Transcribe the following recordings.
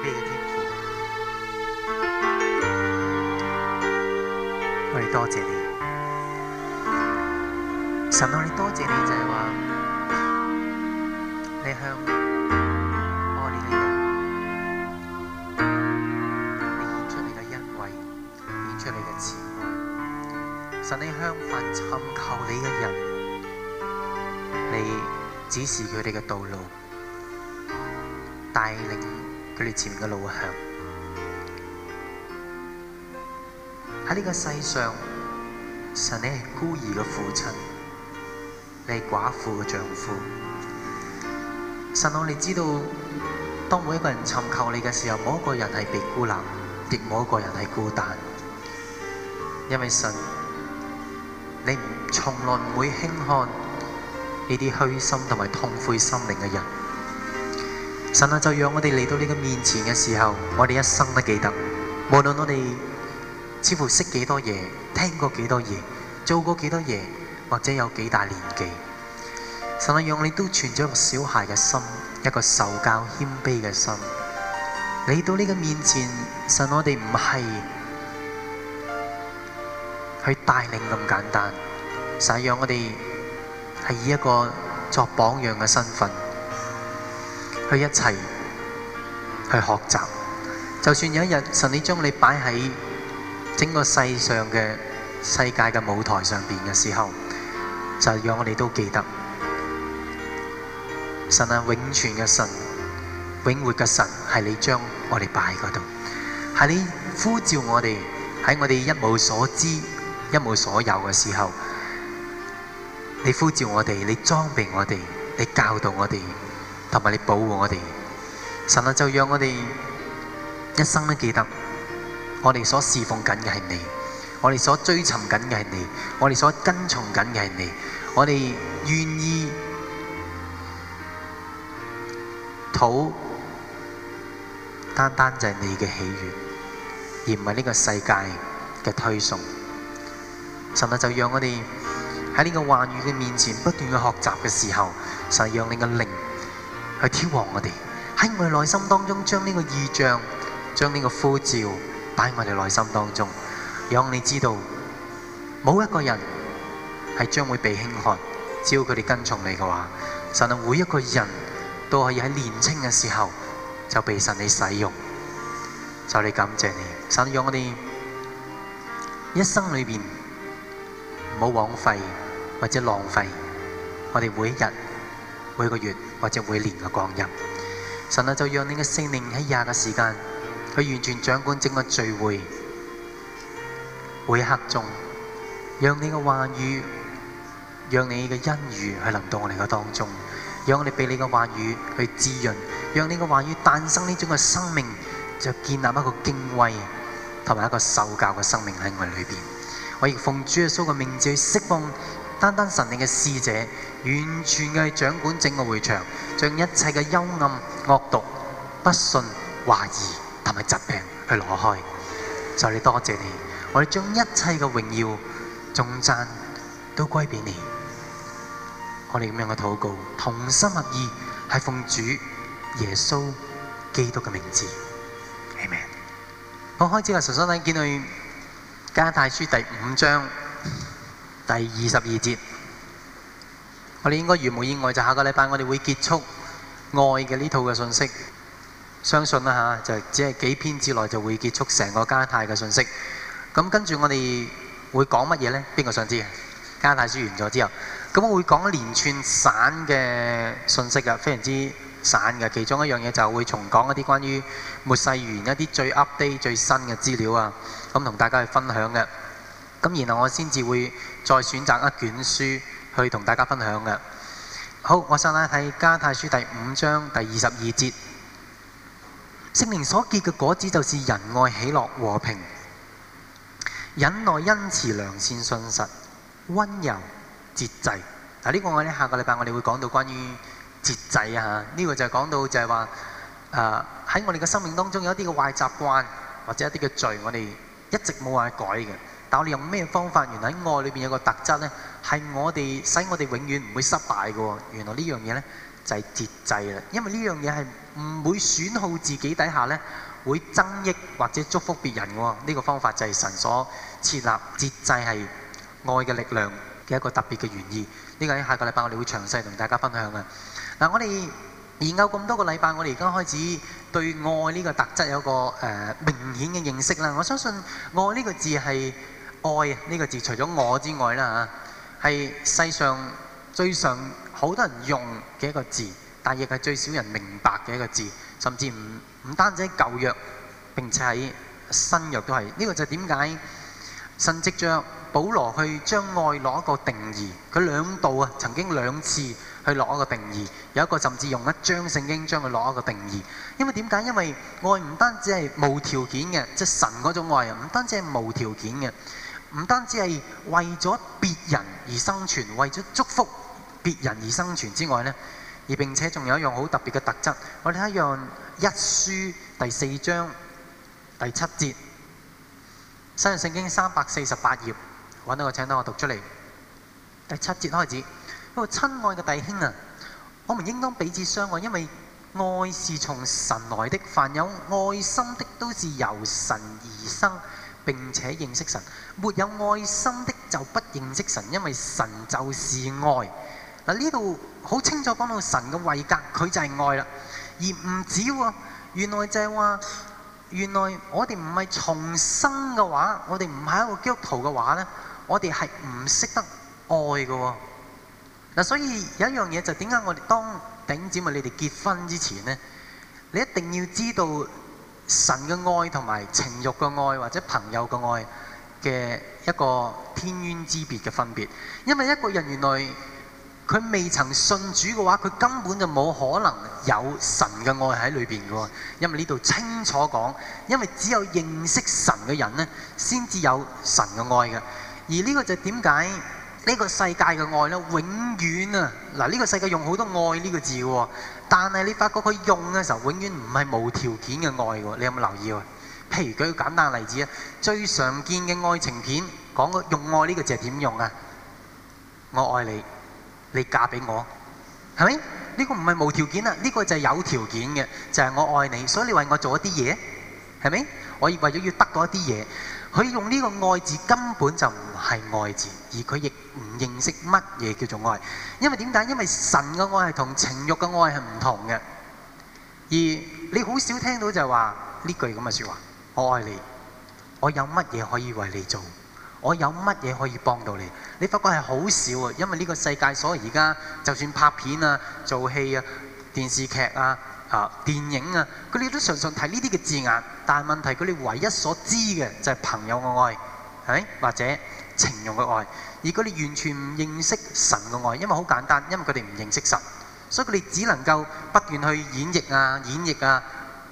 神天父，我哋多謝你。神我哋多謝你就係話，你向我憐嘅人，你顯出你嘅恩惠，顯出你嘅慈愛。神你向凡尋求你嘅人，你指示佢哋嘅道路，帶領。佢哋前面嘅路向喺呢個世上，神你係孤兒嘅父親，你係寡婦嘅丈夫。神我哋知道，當每一個人尋求你嘅時候，冇一個人係被孤立，亦冇一個人係孤單。因為神，你從來唔會輕看呢啲虛心同埋痛悔心靈嘅人。神啊，就讓我哋嚟到呢個面前嘅時候，我哋一生都記得。無論我哋似乎識幾多嘢，聽過幾多嘢，做過幾多嘢，或者有幾大年紀，神啊，讓我哋都存咗個小孩嘅心，一個受教謙卑嘅心。嚟到呢個面前，神啊，我哋唔係去帶領咁簡單，神啊，讓我哋係以一個作榜樣嘅身份，去一齊去學習，就算有一日神你將你擺喺整個世上嘅世界嘅舞台上邊嘅時候，就讓我哋都記得，神啊，永存嘅神，永活嘅神係你將我哋擺喺嗰度，係你呼召我哋喺我哋一無所知一無所有嘅時候，你呼召我哋，你裝備我哋，你教導我哋。同埋你保護我哋，神啊就讓我哋一生都記得，我哋所侍奉緊嘅係你，我哋所追尋緊嘅係你，我哋所跟從緊嘅係你，我哋願意討單單就係你嘅喜悅，而唔係呢個世界嘅推送。神啊就讓我哋喺呢個話語嘅面前不斷去學習嘅時候，神啊，讓你嘅靈。去挑旺我哋喺我哋內心當中，將這，將呢個異象，將呢個呼召擺喺我哋內心當中。讓你知道，冇一個人係將會被輕看，只要佢哋跟從你嘅話，神讓每一個人都可以喺年輕嘅時候就被神你使用。就嚟感謝你，神讓我哋一生裏邊唔好枉費或者浪費。我哋每一日，每一個月。或者每年嘅光陰，神啊，就讓你嘅聖靈喺廿嘅時間，去完全掌管整個聚會每刻中，讓你嘅話語，讓你嘅恩語去臨到我哋嘅當中，讓我哋被你嘅話語去滋潤，讓你嘅話語誕生呢種嘅生命，就建立一個敬畏同埋一個受教嘅生命喺我哋裏邊。我亦奉主耶穌嘅名字去釋放。單單神靈嘅使者，完全係掌管整個會場，將一切嘅幽暗、惡毒、不信、懷疑同埋疾病去攞開。就你多謝你，我哋將一切嘅榮耀、頌讚都歸畀你。我哋咁樣嘅禱告，同心合意，係奉主耶穌基督嘅名字。阿門。好開始啊，神所帶領去加太書第五章。第二十二節，我哋應該如無意外，就下個禮拜我哋會結束愛嘅呢套嘅信息。相信啦嚇，就只係幾篇之內就會結束成個加泰嘅信息。咁跟住我哋會講乜嘢呢？邊個想知啊？加泰書完咗之後，咁會講一連串散嘅信息噶，非常之散嘅。其中一樣嘢就會重講一啲關於末世完一啲最 update 最新嘅資料啊，咁同大家去分享嘅。咁然後我先至會。再選擇一卷書去同大家分享嘅。好，我上嚟睇加泰書第五章第二十二節，聖靈所結嘅果子就是仁愛、喜樂、和平、忍耐、恩慈、良善、信實、溫柔、節制。嗱、啊，呢、這個我哋下個禮拜我哋會講到關於節制啊。呢、這個就係講到就係話，喺、啊、我哋嘅生命當中有一啲嘅壞習慣或者一啲嘅罪，我哋一直冇話改嘅。但係我哋用咩方法？原來喺愛裏面有個特質呢，係我哋使我哋永遠唔會失敗嘅喎、哦。原來呢樣嘢呢，就係、是、節制啦，因為呢樣嘢係唔會損耗自己底下呢，會增益或者祝福別人喎、哦。呢、這個方法就係神所設立節制係愛嘅力量嘅一個特別嘅原意。呢個喺下個禮拜我哋會詳細同大家分享嘅。嗱、啊，我哋研究咁多個禮拜，我哋而家開始對愛呢個特質有個誒、呃、明顯嘅認識啦。我相信愛呢個字係。愛啊！呢個字除咗我之外啦嚇，係世上最常好多人用嘅一個字，但係亦係最少人明白嘅一個字。甚至唔唔單止喺舊約，並且喺新約都係。呢個就係點解神藉著保羅去將愛攞一個定義，佢兩度啊，曾經兩次去攞一個定義，有一個甚至用一章聖經將佢攞一個定義。因為點解？因為愛唔單止係無條件嘅，即係神嗰種愛啊，唔單止係無條件嘅。唔單止係為咗別人而生存，為咗祝福別人而生存之外呢，而並且仲有一樣好特別嘅特質。我哋睇下《約翰一書》第四章第七節，新約聖經三百四十八頁，揾到個，請等我讀出嚟。第七節開始，各位親愛嘅弟兄啊，我們應當彼此相愛，因為愛是從神來的，凡有愛心的都是由神而生。並且認識神，沒有愛心的就不認識神，因為神就是愛。嗱，呢度好清楚講到神嘅位格，佢就係愛啦。而唔止喎，原來就係話，原來我哋唔係重生嘅話，我哋唔係一個基督徒嘅話咧，我哋係唔識得愛嘅。嗱，所以有一樣嘢就點解我哋當頂姐妹你哋結婚之前咧，你一定要知道。神嘅愛同埋情欲嘅愛或者朋友嘅愛嘅一個天淵之別嘅分別，因為一個人原來佢未曾信主嘅話，佢根本就冇可能有神嘅愛喺裏邊嘅。因為呢度清楚講，因為只有認識神嘅人呢，先至有神嘅愛嘅。而呢個就係點解呢個世界嘅愛呢，永遠啊，嗱，呢個世界用好多愛呢個字嘅。但係你發覺佢用嘅時候，永遠唔係無條件嘅愛喎。你有冇留意啊？譬如舉個簡單例子啊，最常見嘅愛情片講個用愛呢個字係點用啊？我愛你，你嫁俾我，係咪？呢個唔係無條件啊，呢個就係有條件嘅，就係我愛你，所以你為我做一啲嘢，係咪？我為咗要得到一啲嘢。佢用呢個愛字根本就唔係愛字，而佢亦唔認識乜嘢叫做愛。因為點解？因為神嘅愛係同情欲嘅愛係唔同嘅。而你好少聽到就係話呢句咁嘅説話：我愛你，我有乜嘢可以為你做？我有乜嘢可以幫到你？你發覺係好少啊！因為呢個世界，所以而家就算拍片啊、做戲啊、電視劇啊。啊，電影啊，佢哋都常常睇呢啲嘅字眼，但係問題佢哋唯一所知嘅就係朋友嘅愛，係或者情人嘅愛，而佢哋完全唔認識神嘅愛，因為好簡單，因為佢哋唔認識神，所以佢哋只能夠不斷去演繹啊演繹啊，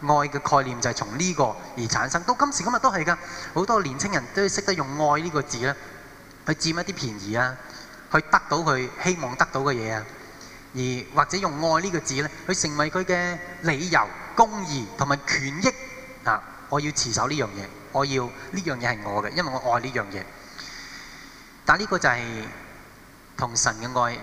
愛嘅概念就係從呢個而產生，到今時今日都係噶，好多年輕人都識得用愛呢個字咧，去佔一啲便宜啊，去得到佢希望得到嘅嘢啊。而或者用愛呢、呢個字咧，去成為佢嘅理由、公義同埋權益啊！我要持守呢樣嘢，我要呢樣嘢係我嘅，因為我愛呢樣嘢。但呢個就係、是、同神嘅愛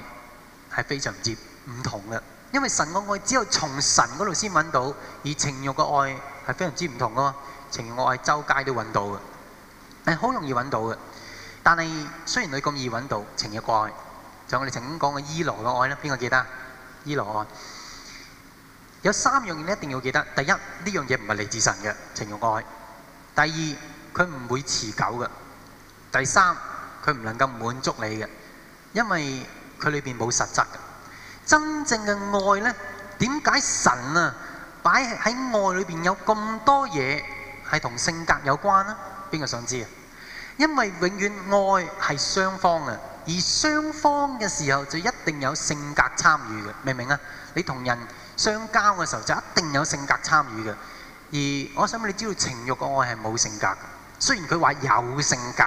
係非常之唔同嘅，因為神嘅愛只有從神嗰度先揾到，而情欲嘅愛係非常之唔同嘅喎。情慾愛周街都揾到嘅，係好容易揾到嘅。但係雖然你咁易揾到，情欲愛。咁我哋曾經講過伊羅嘅愛咧，邊個記得？伊羅愛有三樣嘢咧，你一定要記得。第一，呢樣嘢唔係嚟自神嘅情慾愛；第二，佢唔會持久嘅；第三，佢唔能夠滿足你嘅，因為佢裏邊冇實質。真正嘅愛咧，點解神啊擺喺愛裏邊有咁多嘢係同性格有關咧？邊個想知？因為永遠愛係雙方嘅。而雙方嘅時候就一定有性格參與嘅，明唔明啊？你同人相交嘅時候就一定有性格參與嘅。而我想你知道情慾嘅愛係冇性格嘅，雖然佢話有性格，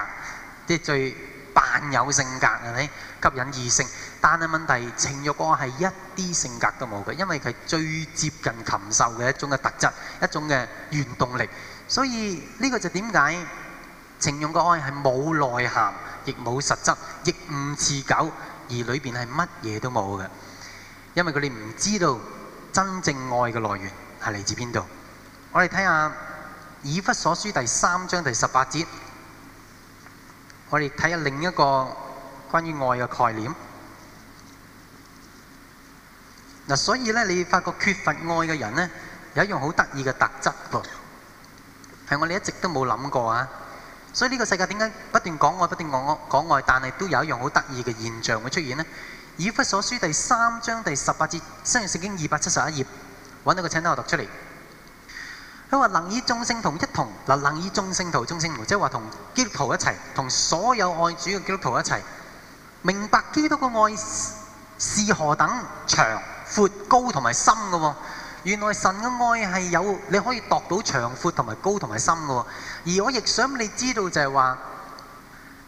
即係最扮有性格係咪？吸引異性，但係問題情慾嘅愛係一啲性格都冇嘅，因為佢最接近禽獸嘅一種嘅特質，一種嘅原動力。所以呢個就點解情慾嘅愛係冇內涵，亦冇實質，亦唔持久，而裏邊係乜嘢都冇嘅，因為佢哋唔知道真正愛嘅來源係嚟自邊度。我哋睇下《以弗所書》第三章第十八節，我哋睇下另一個關於愛嘅概念。嗱，所以咧，你發覺缺乏愛嘅人咧，有一樣好得意嘅特質噃，係我哋一直都冇諗過啊！所以呢個世界點解不斷講愛、不斷講講愛，但係都有一樣好得意嘅現象會出現呢？以弗所書第三章第十八節，新約聖經二百七十頁，揾到個，請等我讀出嚟。佢話能以眾聖同一同，嗱，能以眾聖徒、眾聖徒，即係話同基督徒一齊，同所有愛主嘅基督徒一齊，明白基督嘅愛是何等長、闊、高同埋深嘅喎。原來神嘅愛係有，你可以度到長、闊同埋高同埋深嘅喎。而我亦想你知道就係話，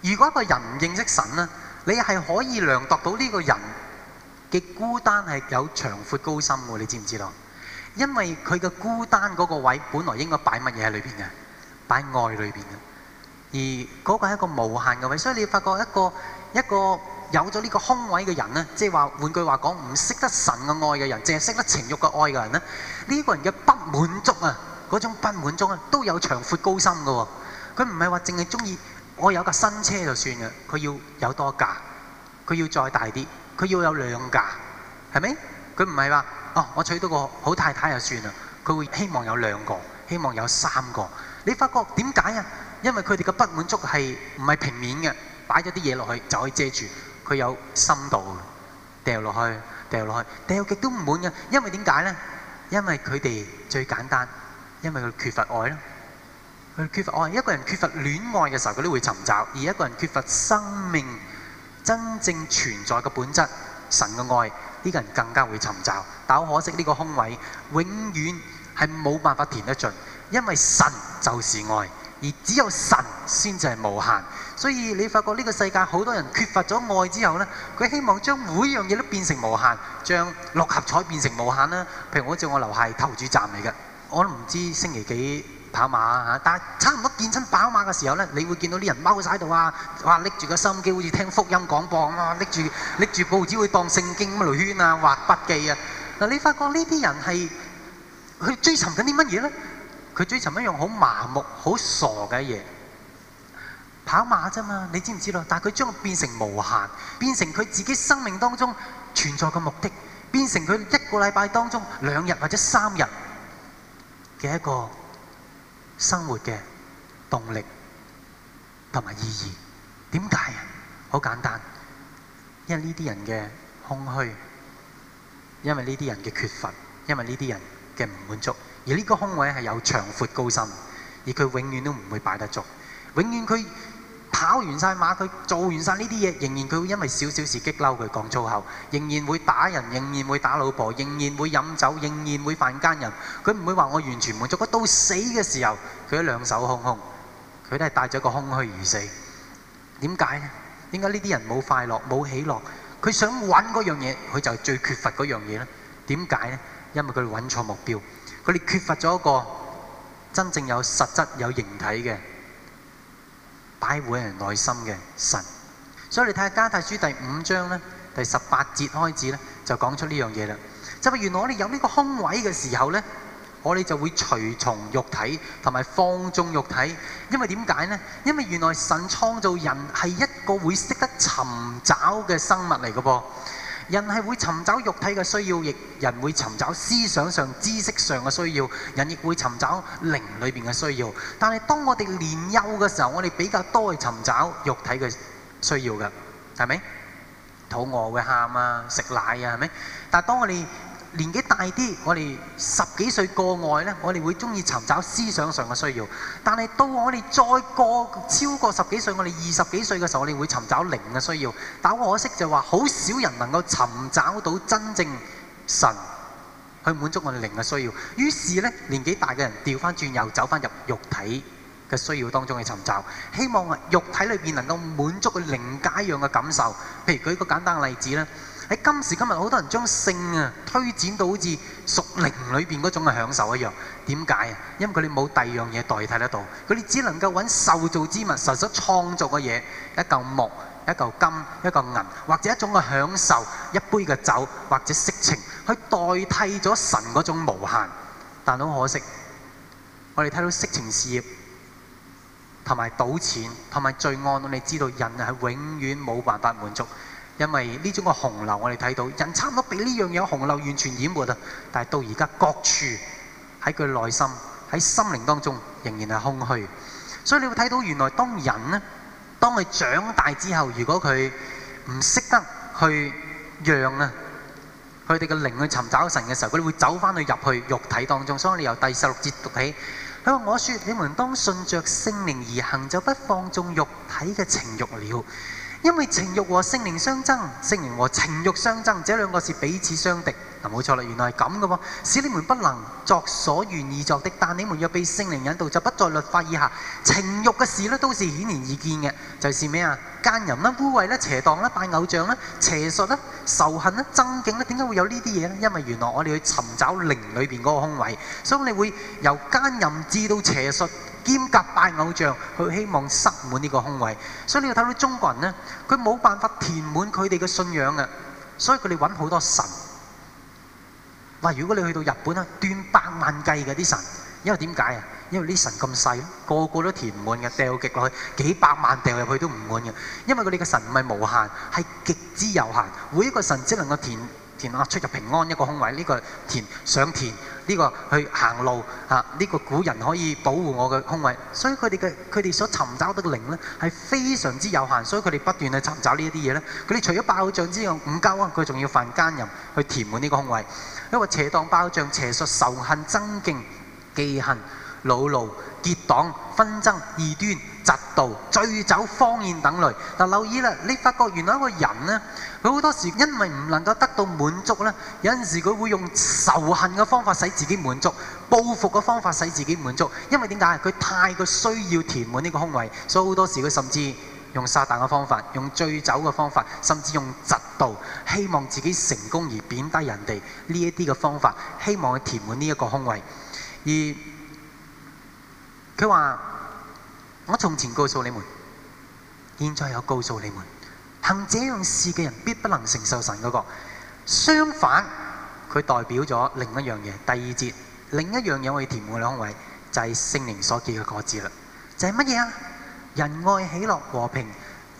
如果一個人唔認識神咧，你係可以量度到呢個人嘅孤單係有長闊高深嘅，你知唔知道？因為佢嘅孤單嗰個位，本來應該擺乜嘢喺裏邊嘅，擺愛裏邊嘅。而嗰個係一個無限嘅位，所以你發覺一個一個有咗呢個空位嘅人咧，即係話換句話講，唔識得神嘅愛嘅人，淨係識得情慾嘅愛嘅人咧，呢個人嘅不滿足啊！嗰種不滿足啊，都有長闊高深㗎。佢唔係話淨係鍾意我有架新車就算啦。佢要有多架，佢要再大啲，佢要有兩架，係咪？佢唔係話哦，我娶到個好太太就算啦。佢會希望有兩個，希望有三個。你發覺點解啊？因為佢哋嘅不滿足係唔係平面嘅，擺咗啲嘢落去就可以遮住佢有深度嘅。掉落去，掉落去，掉極都唔滿嘅。因為點解呢？因為佢哋最簡單。因為佢缺乏愛咧，佢缺乏愛。一個人缺乏戀愛嘅時候，佢都會尋找；而一個人缺乏生命真正存在嘅本質，神嘅愛，呢個人更加會尋找。但好可惜，呢個空位永遠係冇辦法填得盡，因為神就是愛，而只有神先就係無限。所以你發覺呢個世界好多人缺乏咗愛之後呢，佢希望將每樣嘢都變成無限，將六合彩變成無限啦。譬如我做我樓下投注站嚟嘅。我都唔知星期幾跑馬嚇，但係差唔多見親跑馬嘅時候咧，你會見到啲人踎晒喺度啊，哇！拎住個收音機，好似聽福音廣播啊，拎住拎住報紙，會當聖經咁圈啊，畫筆記啊。嗱，你發覺呢啲人係佢追尋緊啲乜嘢咧？佢追尋一樣好麻木、好傻嘅嘢，跑馬啫嘛。你知唔知道？但係佢將佢變成無限，變成佢自己生命當中存在嘅目的，變成佢一個禮拜當中兩日或者三日。嘅一個生活嘅動力同埋意義，點解啊？好簡單，因為呢啲人嘅空虛，因為呢啲人嘅缺乏，因為呢啲人嘅唔滿足，而呢個空位係有長闊高深，而佢永遠都唔會擺得足，永遠佢。跑完晒馬，佢做完晒呢啲嘢，仍然佢會因為少少事激嬲，佢講粗口，仍然會打人，仍然會打老婆，仍然會飲酒，仍然會犯奸人。佢唔會話我完全滿足。佢到死嘅時候，佢都兩手空空，佢都係帶咗個空虛而死。點解呢？點解呢啲人冇快樂、冇喜樂？佢想揾嗰樣嘢，佢就最缺乏嗰樣嘢呢？點解呢？因為佢哋揾錯目標，佢哋缺乏咗一個真正有實質、有形體嘅擺喺人內心嘅神，所以你睇下加泰書第五章呢，第十八節開始呢，就講出呢樣嘢啦。就係原來我哋有呢個空位嘅時候呢，我哋就會隨從肉體同埋放縱肉體。因為點解呢？因為原來神創造人係一個會識得尋找嘅生物嚟嘅噃。人係會尋找肉體嘅需要，亦人會尋找思想上、知識上嘅需要，人亦會尋找靈裏邊嘅需要。但係當我哋年幼嘅時候，我哋比較多去尋找肉體嘅需要㗎，係咪？肚餓會喊啊，食奶啊，係咪？但係當我哋年紀大啲，我哋十幾歲過外呢，我哋會鍾意尋找思想上嘅需要；但係到我哋再過超過十幾歲，我哋二十幾歲嘅時候，我哋會尋找靈嘅需要。但係可惜就話，好少人能夠尋找到真正神去滿足我哋靈嘅需要。於是呢，年紀大嘅人調翻轉，又走翻入肉體嘅需要當中去尋找，希望肉體裏邊能夠滿足佢靈界一樣嘅感受。譬如舉一個簡單嘅例子咧。喺今時今日，好多人將性啊推展到好似屬靈裏邊嗰種嘅享受一樣。點解啊？因為佢哋冇第二樣嘢代替得到。佢哋只能夠揾受造之物、神所創造嘅嘢，一嚿木、一嚿金、一嚿銀，或者一種嘅享受，一杯嘅酒，或者色情，去代替咗神嗰種無限。但好可惜，我哋睇到色情事業同埋賭錢同埋罪案，我哋知道人係永遠冇辦法滿足。因為呢種個洪流，我哋睇到人差唔多俾呢樣嘢洪流完全淹沒啊！但係到而家各處喺佢內心、喺心靈當中，仍然係空虛。所以你會睇到原來當人咧，當佢長大之後，如果佢唔識得去讓啊，佢哋嘅靈去尋找神嘅時候，佢哋會走翻去入去肉體當中。所以你由第十六節讀起，佢話：我説你們當順著聖靈而行，就不放縱肉體嘅情慾了。因為情欲和性靈相爭，性靈和情欲相爭，這兩個是彼此相敵。嗱，冇錯啦，原來係咁嘅喎，使你們不能作所願意作的，但你們若被性靈引導，就不在律法以下。情欲嘅事呢，都是顯然易見嘅，就是咩啊？奸淫啦、污穢啦、邪蕩啦、拜偶像啦、邪術啦、仇恨啦、爭競啦，點解會有呢啲嘢呢？因為原來我哋去尋找靈裏邊嗰個空位，所以我哋會由奸淫至到邪術。兼夾拜偶像，佢希望塞滿呢個空位，所以你要睇到中國人呢，佢冇辦法填滿佢哋嘅信仰呀，所以佢哋揾好多神。嗱，如果你去到日本呀，斷百萬計嘅啲神，因為點解啊？因為啲神咁細，個個都填滿嘅，掉極落去幾百萬掉入去都唔滿嘅，因為佢哋嘅神唔係無限，係極之有限，每一個神只能夠填填壓出入平安一個空位，呢個填想填。呢、這個去行路，嚇、啊、呢、這個古人可以保護我嘅空位，所以佢哋嘅佢哋所尋找的靈呢係非常之有限，所以佢哋不斷去尋找呢一啲嘢咧。佢哋除咗爆仗之外，五交佢仲要犯奸淫去填滿呢個空位。因為邪蕩爆仗、邪術、仇恨、爭競、忌恨、惱怒、結黨、紛爭、異端。嫉妒、醉酒、荒宴等類，嗱留意啦，你發覺原來一個人呢，佢好多時因為唔能夠得到滿足呢，有陣時佢會用仇恨嘅方法使自己滿足，報復嘅方法使自己滿足，因為點解？佢太過需要填滿呢個空位，所以好多時佢甚至用撒旦嘅方法，用醉酒嘅方法，甚至用嫉妒，希望自己成功而貶低人哋呢一啲嘅方法，希望佢填滿呢一個空位。而佢話。我從前告訴你們，現在又告訴你們，行這樣事嘅人必不能承受神嘅國。相反，佢代表咗另一樣嘢。第二節，另一樣嘢我要填滿兩位，就係聖靈所結嘅果子啦。就係乜嘢啊？仁愛、喜樂、和平、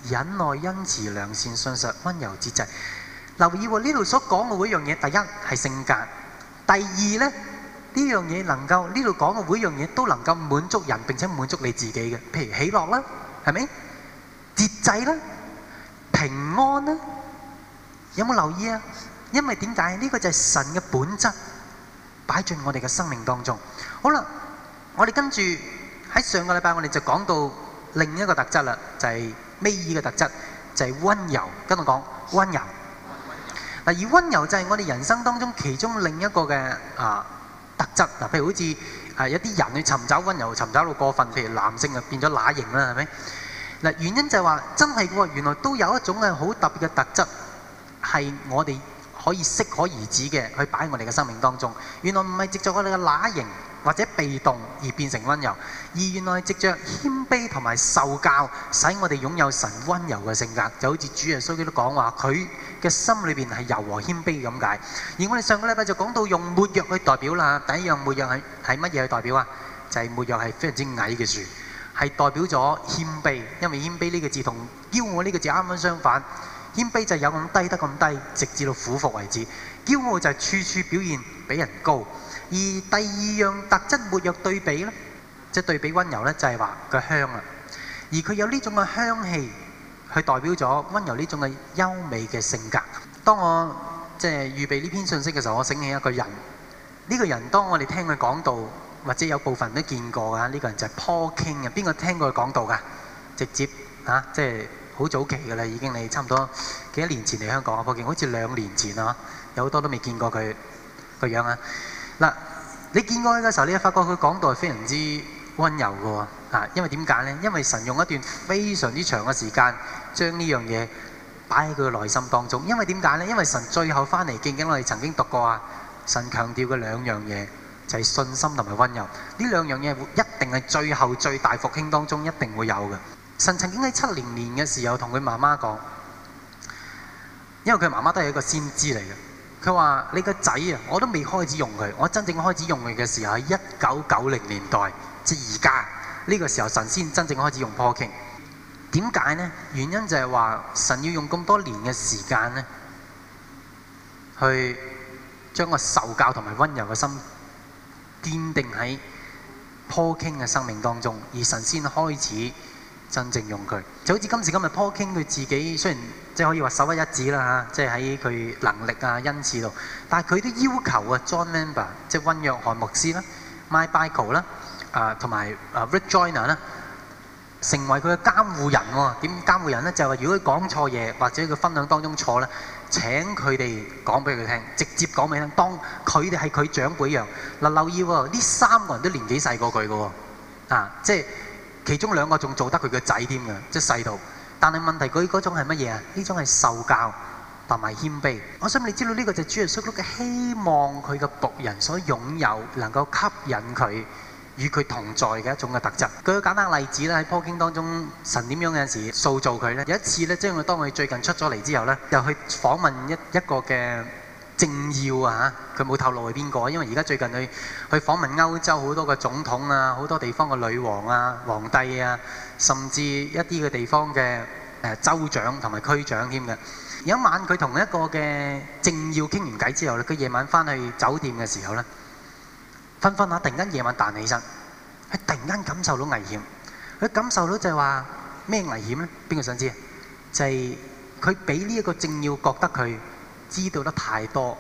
忍耐、恩慈、良善、信實、温柔、節制。留意喎，呢度所講嘅嗰樣嘢，第一係性格，第二呢。呢樣嘢能夠呢度講嘅每樣嘢都能夠滿足人，並且滿足你自己嘅，譬如喜樂啦，係咪節制啦、平安啦？有冇留意啊？因為點解呢個就係神嘅本質擺進我哋嘅生命當中。好啦，我哋跟住喺上個禮拜，我哋就講到另一個特質啦，就係沒藥嘅特質，就係温柔，跟我講温柔。嗱，而温柔就係我哋人生當中其中另一個嘅啊，特質，嗱，譬如好似啊，一啲人去尋找温柔，尋找到過分，譬如男性就變咗乸型啦，係咪？嗱，原因就係話真係喎，原來都有一種係好特別嘅特質，係我哋可以適可而止嘅，去擺喺我哋嘅生命當中。原來唔係藉助我哋嘅乸型。或者被動而變成温柔，而原來藉着謙卑同埋受教，使我哋擁有神温柔嘅性格。就好似主耶穌基都講話，佢嘅心裏邊係柔和謙卑咁解。而我哋上個禮拜就講到用沒藥去代表啦。第一樣沒藥係係乜嘢去代表啊？就係、是、沒藥係非常之矮嘅樹，係代表咗謙卑。因為謙卑呢個字同驕傲呢個字啱啱相反。謙卑就有咁低得咁低，直至到俯伏為止。驕傲就係處處表現比人高。而第二樣特質，沒藥對比咧，即係對比温柔咧，就係話個香啊。而佢有呢種嘅香氣，佢代表咗温柔呢種嘅優美嘅性格。當我即係預備呢篇信息嘅時候，我醒起一個人。呢個人當我哋聽佢講道，或者有部分都見過㗎。呢個人就係 Paul Cain 啊。邊個聽過佢講道㗎？直接啊，即係好早期嘅啦，已經你差唔多幾多年前嚟香港啊。Paul Cain 好似兩年前啊，有好多都未見過佢個樣啊。嗱，你見過佢嘅時候，你就發覺佢講道係非常之温柔嘅喎，啊，因為點解呢？因為神用一段非常之長嘅時間，將呢樣嘢擺喺佢嘅內心當中。因為點解呢？因為神最後翻嚟見景，我哋曾經讀過啊，神強調嘅兩樣嘢就係信心同埋温柔。呢兩樣嘢一定係最後最大復興當中一定會有嘅。神曾經喺七零年嘅時候同佢媽媽講，因為佢媽媽都係一個先知嚟嘅。佢話：你個仔啊，我都未開始用佢。我真正開始用佢嘅時候係一九九零年代，即而家呢個時候，神先真正開始用 Paul Cain。點解呢？原因就係話神要用咁多年嘅時間呢，去將個受教同埋温柔嘅心奠定喺 Paul Cain 嘅生命當中，而神先開始。真正用佢就好似今時今日 Paul Cain 佢自己雖然即係可以話首屈一指啦嚇，即係喺佢能力啊、恩賜度，但係佢都要求啊 John Member 即係温約翰牧師啦、Mike Bickle 啦、啊同埋 Rick Joyner 啦，ner, 成為佢嘅監護人喎。點監護人呢？就係如果佢講錯嘢或者佢分享當中錯呢，請佢哋講俾佢聽，直接講俾佢聽，當佢哋係佢長輩一樣。嗱留意喎，哦，呢三個人都年紀細過佢嘅喎啊，即、就、係、是。其中兩個仲做得佢嘅仔添嘅，即係細到。但係問題佢嗰種係乜嘢啊？呢種係受教同埋謙卑。我想你知道呢、呢個就係主耶穌嘅希望，佢嘅僕人所擁有，能夠吸引佢與佢同在嘅一種嘅特質。舉個簡單例子啦，喺《破經》當中，神點樣有時塑造佢呢？有一次呢，即係我當佢最近出咗嚟之後呢，又去訪問一一個嘅。政要啊嚇，佢冇透露係邊個，因為而家最近佢去訪問歐洲好多個總統啊，好多地方嘅女王啊、皇帝啊，甚至一啲嘅地方嘅誒州長同埋區長添嘅。有一晚佢同一個嘅政要傾完偈之後咧，佢夜晚翻去酒店嘅時候咧，瞓瞓下突然間夜晚彈起身，佢突然間感受到危險，佢感受到就係話咩危險咧？邊個想知啊？就係佢俾呢一個政要覺得佢。知道得太多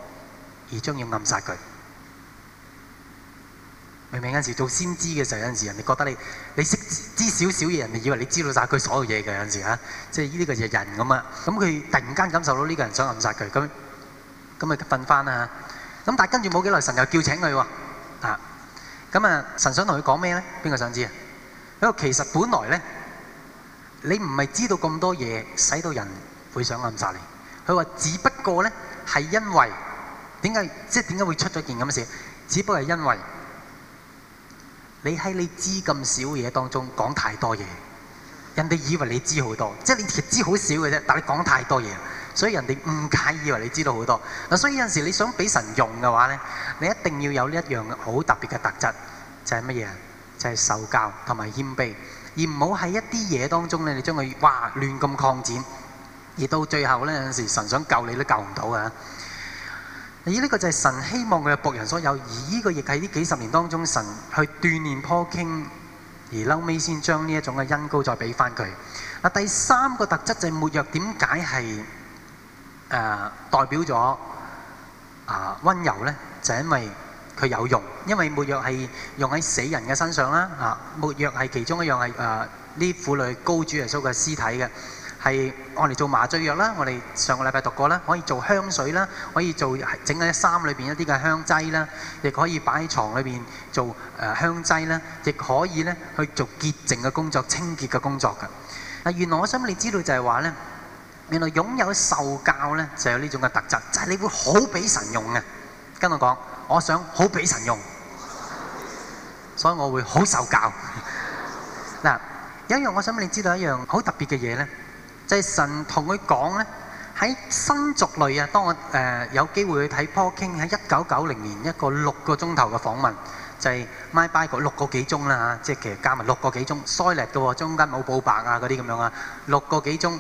而將要暗殺佢。明明有陣時做先知嘅時候，有陣時人哋覺得你你識知少少嘢，人哋以為你知道曬佢所有嘢嘅，有陣時嚇，即係呢個嘅就人咁啊！咁佢突然間感受到呢個人想暗殺佢，咁咁咪瞓翻啦嚇！咁但係跟住冇幾耐，神又叫請佢喎啊！咁啊，神想同佢講咩咧？邊個想知啊？因為其實本來咧，你唔係知道咁多嘢，使到人會想暗殺你。佢話：，只不過呢係因為點解？即係點解會出咗件咁嘅事？只不過係因為你喺你知咁少嘢當中講太多嘢，人哋以為你知好多，即係你知好少嘅啫。但係你講太多嘢，所以人哋誤解以為你知道好多。嗱，所以有陣時你想俾神用嘅話呢，你一定要有呢一樣好特別嘅特質，就係乜嘢？就係受教同埋謙卑，而唔好喺一啲嘢當中呢，你將佢哇亂咁擴展。而到最後咧，有陣時神想救你都救唔到嘅。咦？呢個就係神希望佢嘅僕人所有，而呢個亦係呢幾十年當中，神去鍛鍊 Paul Cain，而後尾先將呢一種嘅恩膏再俾翻佢。嗱，第三個特質就係沒藥，點解係誒代表咗啊溫柔咧？就因為佢有用，因為沒藥係用喺死人嘅身上啦。啊，沒藥係其中一樣係誒呢婦女膏主耶穌嘅屍體嘅。係我哋做麻醉藥啦，我哋上個禮拜讀過啦，可以做香水啦，可以做整喺衫裏邊一啲嘅香劑啦，亦可以擺喺床裏邊做誒、呃、香劑啦，亦可以咧去做潔淨嘅工作、清潔嘅工作嘅。啊，原來我想俾你知道就係話咧，原來擁有受教咧就有呢種嘅特質，就係、是、你會好俾神用嘅。跟我講，我想好俾神用，所以我會好受教。嗱、 啊，有一樣我想俾你知道一樣好特別嘅嘢咧。就係神同佢講咧，喺新族類啊！當我誒有機會去睇 Paul Cain 喺一九九零年一個六個鐘頭嘅訪問，就係 My Bible 六個幾鐘啦嚇，即係其實加埋六個幾鐘，silent 嘅喎，中間冇補白啊嗰啲咁樣啊，六個幾鐘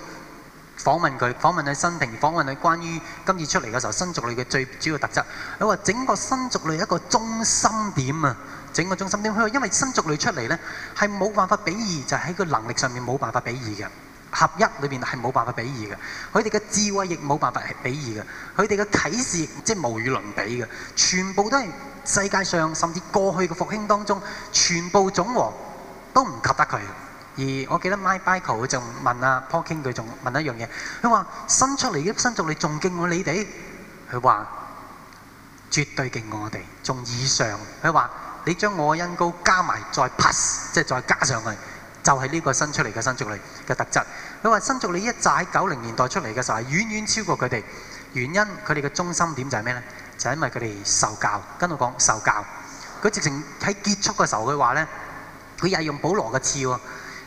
訪問佢，訪問佢新瓶，訪問佢關於今次出嚟嘅時候新族類嘅最主要特質。佢話整個新族類一個中心點啊，整個中心點佢話因為新族類出嚟咧係冇辦法比擬，就喺個能力上面冇辦法比擬嘅。合一裏邊係冇辦法比擬嘅，佢哋嘅智慧亦冇辦法係比擬嘅，佢哋嘅啟示即係無與倫比嘅，全部都係世界上甚至過去嘅復興當中，全部總和都唔及得佢。而我記得 Michael 仲問啊 Paul Cain 佢仲問一樣嘢，佢話新出嚟嘅新造你仲敬我你哋？佢話絕對敬我哋，仲以上，佢話你將我嘅恩高加埋再 pass 即係再加上去。就係呢個新出嚟嘅新族裔嘅特質。佢話新族裔一扎喺九零年代出嚟嘅時候，遠遠超過佢哋。原因佢哋嘅中心點就係咩呢？就係因為佢哋受教。跟我講受教。佢直情喺結束嘅時候，佢話呢，佢又係用保羅嘅詞喎。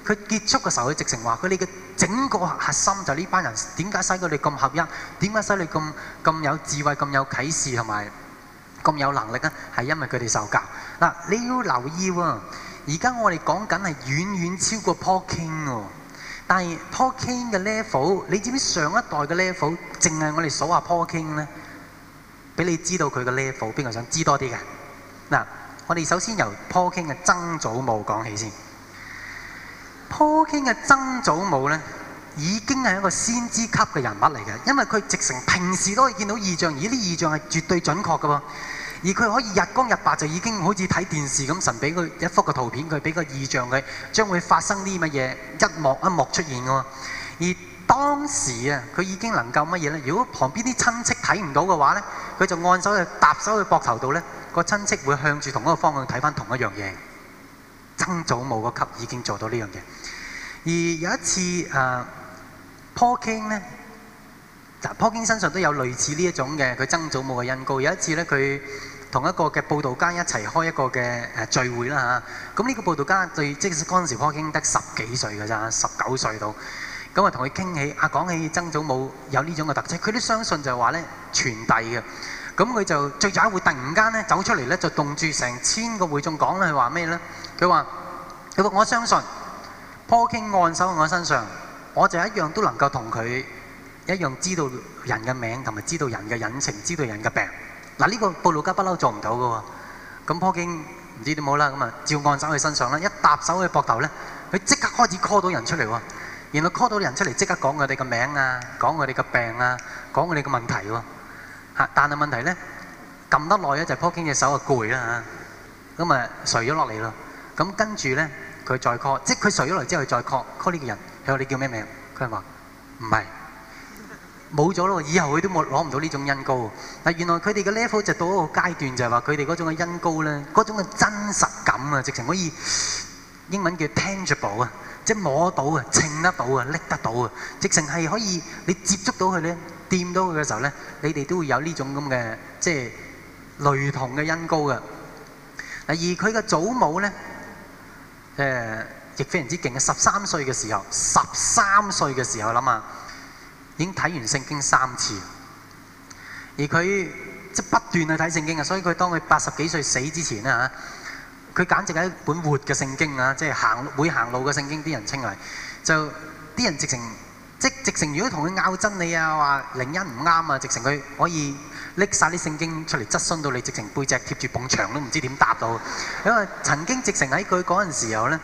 佢結束嘅時候，佢直情話佢哋嘅整個核心就係呢班人。點解使佢哋咁合一？點解使你咁咁有智慧、咁有啟示同埋咁有能力呢？係因為佢哋受教。嗱，你要留意喎。而家我哋講緊係遠遠超過 Paul Cain 喎，但係 Paul Cain 嘅 level，你知唔知上一代嘅 level，淨係我哋數下 Paul Cain 咧？俾你知道佢嘅 level，邊個想知多啲嘅？嗱，我哋首先由 Paul Cain 嘅曾祖母講起先。Paul Cain 嘅曾祖母咧，已經係一個先知級嘅人物嚟嘅，因為佢直情平時都可以見到異象，而啲異象係絕對準確嘅喎。而佢可以日光日白就已經好似睇電視咁，神俾佢一幅個圖片，佢俾個異象佢，將會發生啲乜嘢一幕一幕出現嘅喎。而當時啊，佢已經能夠乜嘢呢？如果旁邊啲親戚睇唔到嘅話呢，佢就按手去搭手去膊頭度呢，個親戚會向住同一個方向睇返同一樣嘢。曾祖母個級已經做到呢樣嘢。而有一次 Paul Cain 誒，嗱 Paul Cain 身上都有類似呢一種嘅，佢曾祖母嘅印告有一次呢，佢。同一個嘅報道家一齊開一個嘅誒聚會啦嚇，咁、啊、呢、這個報道家對即係嗰陣時 Paul Cain 得十幾歲㗎咋，十九歲到，咁啊同佢傾起啊講起曾祖母有呢種嘅特質，佢都相信就係話咧傳遞嘅，咁佢就最早會突然間咧走出嚟咧就動住成千個會眾講咧佢話咩咧？佢話佢話我相信 Paul Cain 按手喺我身上，我就一樣都能夠同佢一樣知道人嘅名同埋知道人嘅隱情、知道人嘅病。嗱呢個佈道家不嬲做唔到嘅喎，咁 Paul Cain 唔知點好啦，咁啊照按手喺佢身上啦，一搭手喺佢膊頭咧，佢即刻開始 call 到人出嚟喎，然後 call 到人出嚟即刻講佢哋嘅名啊，講佢哋嘅病啊，講佢哋嘅問題喎，嚇！但係問題咧撳得耐咧就 Paul Cain 隻手啊攰啦嚇，咁啊垂咗落嚟咯，咁跟住咧佢再 call，即係佢垂咗落嚟之後佢再 call call 呢個人，佢話你叫咩名？佢話唔係。冇咗咯，以後佢都冇攞唔到呢種恩膏。但原來佢哋嘅 level 就到一個階段，就係話佢哋嗰種嘅恩膏咧，嗰種嘅真實感啊，直情可以英文叫 tangible 啊，即係摸到啊、稱得到啊、拎得到啊，直情係可以你接觸到佢咧、掂到佢嘅時候咧，你哋都會有呢種咁嘅即係雷同嘅恩膏嘅。嗱而佢嘅祖母咧，誒亦非常之勁。十三歲嘅時候，十三歲嘅時候諗下。已經睇完聖經三次，而佢即係不斷去睇聖經啊！所以佢當佢八十幾歲死之前咧，佢簡直係一本活嘅聖經啊！即係行會行路嘅聖經，啲人稱嚟，就啲人直情即直情，如果同佢拗真理啊，話靈恩唔啱啊，直情佢可以拎晒啲聖經出嚟質詢到你直，直情背脊貼住埲牆都唔知點答到。因為曾經直情喺佢嗰陣時候咧，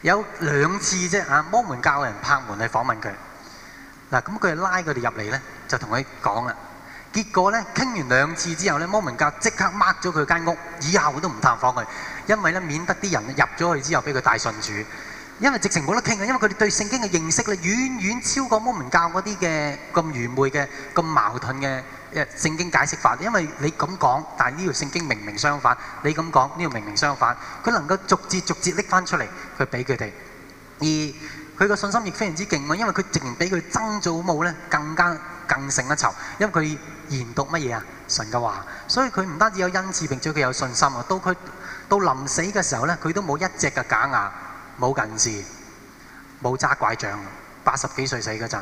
有兩次啫吓，摩門教人拍門去訪問佢。嗱，咁佢就拉佢哋入嚟咧，就同佢講啦。結果咧，傾完兩次之後咧，摩門教即刻 mark 咗佢間屋，以後都唔探訪佢，因為咧免得啲人入咗去之後俾佢帶信主。因為直情冇得傾啊，因為佢哋對聖經嘅認識咧，遠遠超過摩門教嗰啲嘅咁愚昧嘅、咁矛盾嘅聖經解釋法。因為你咁講，但係呢條聖經明明相反，你咁講呢條明明相反，佢能夠逐字逐字拎翻出嚟去俾佢哋。而佢個信心亦非常之勁啊，因為佢直情比佢曾祖母咧更加更勝一籌，因為佢研讀乜嘢啊？神嘅話，所以佢唔單止有恩賜，並且佢有信心啊！到佢到臨死嘅時候咧，佢都冇一隻嘅假牙，冇近視，冇揸拐杖，八十幾歲死嗰陣，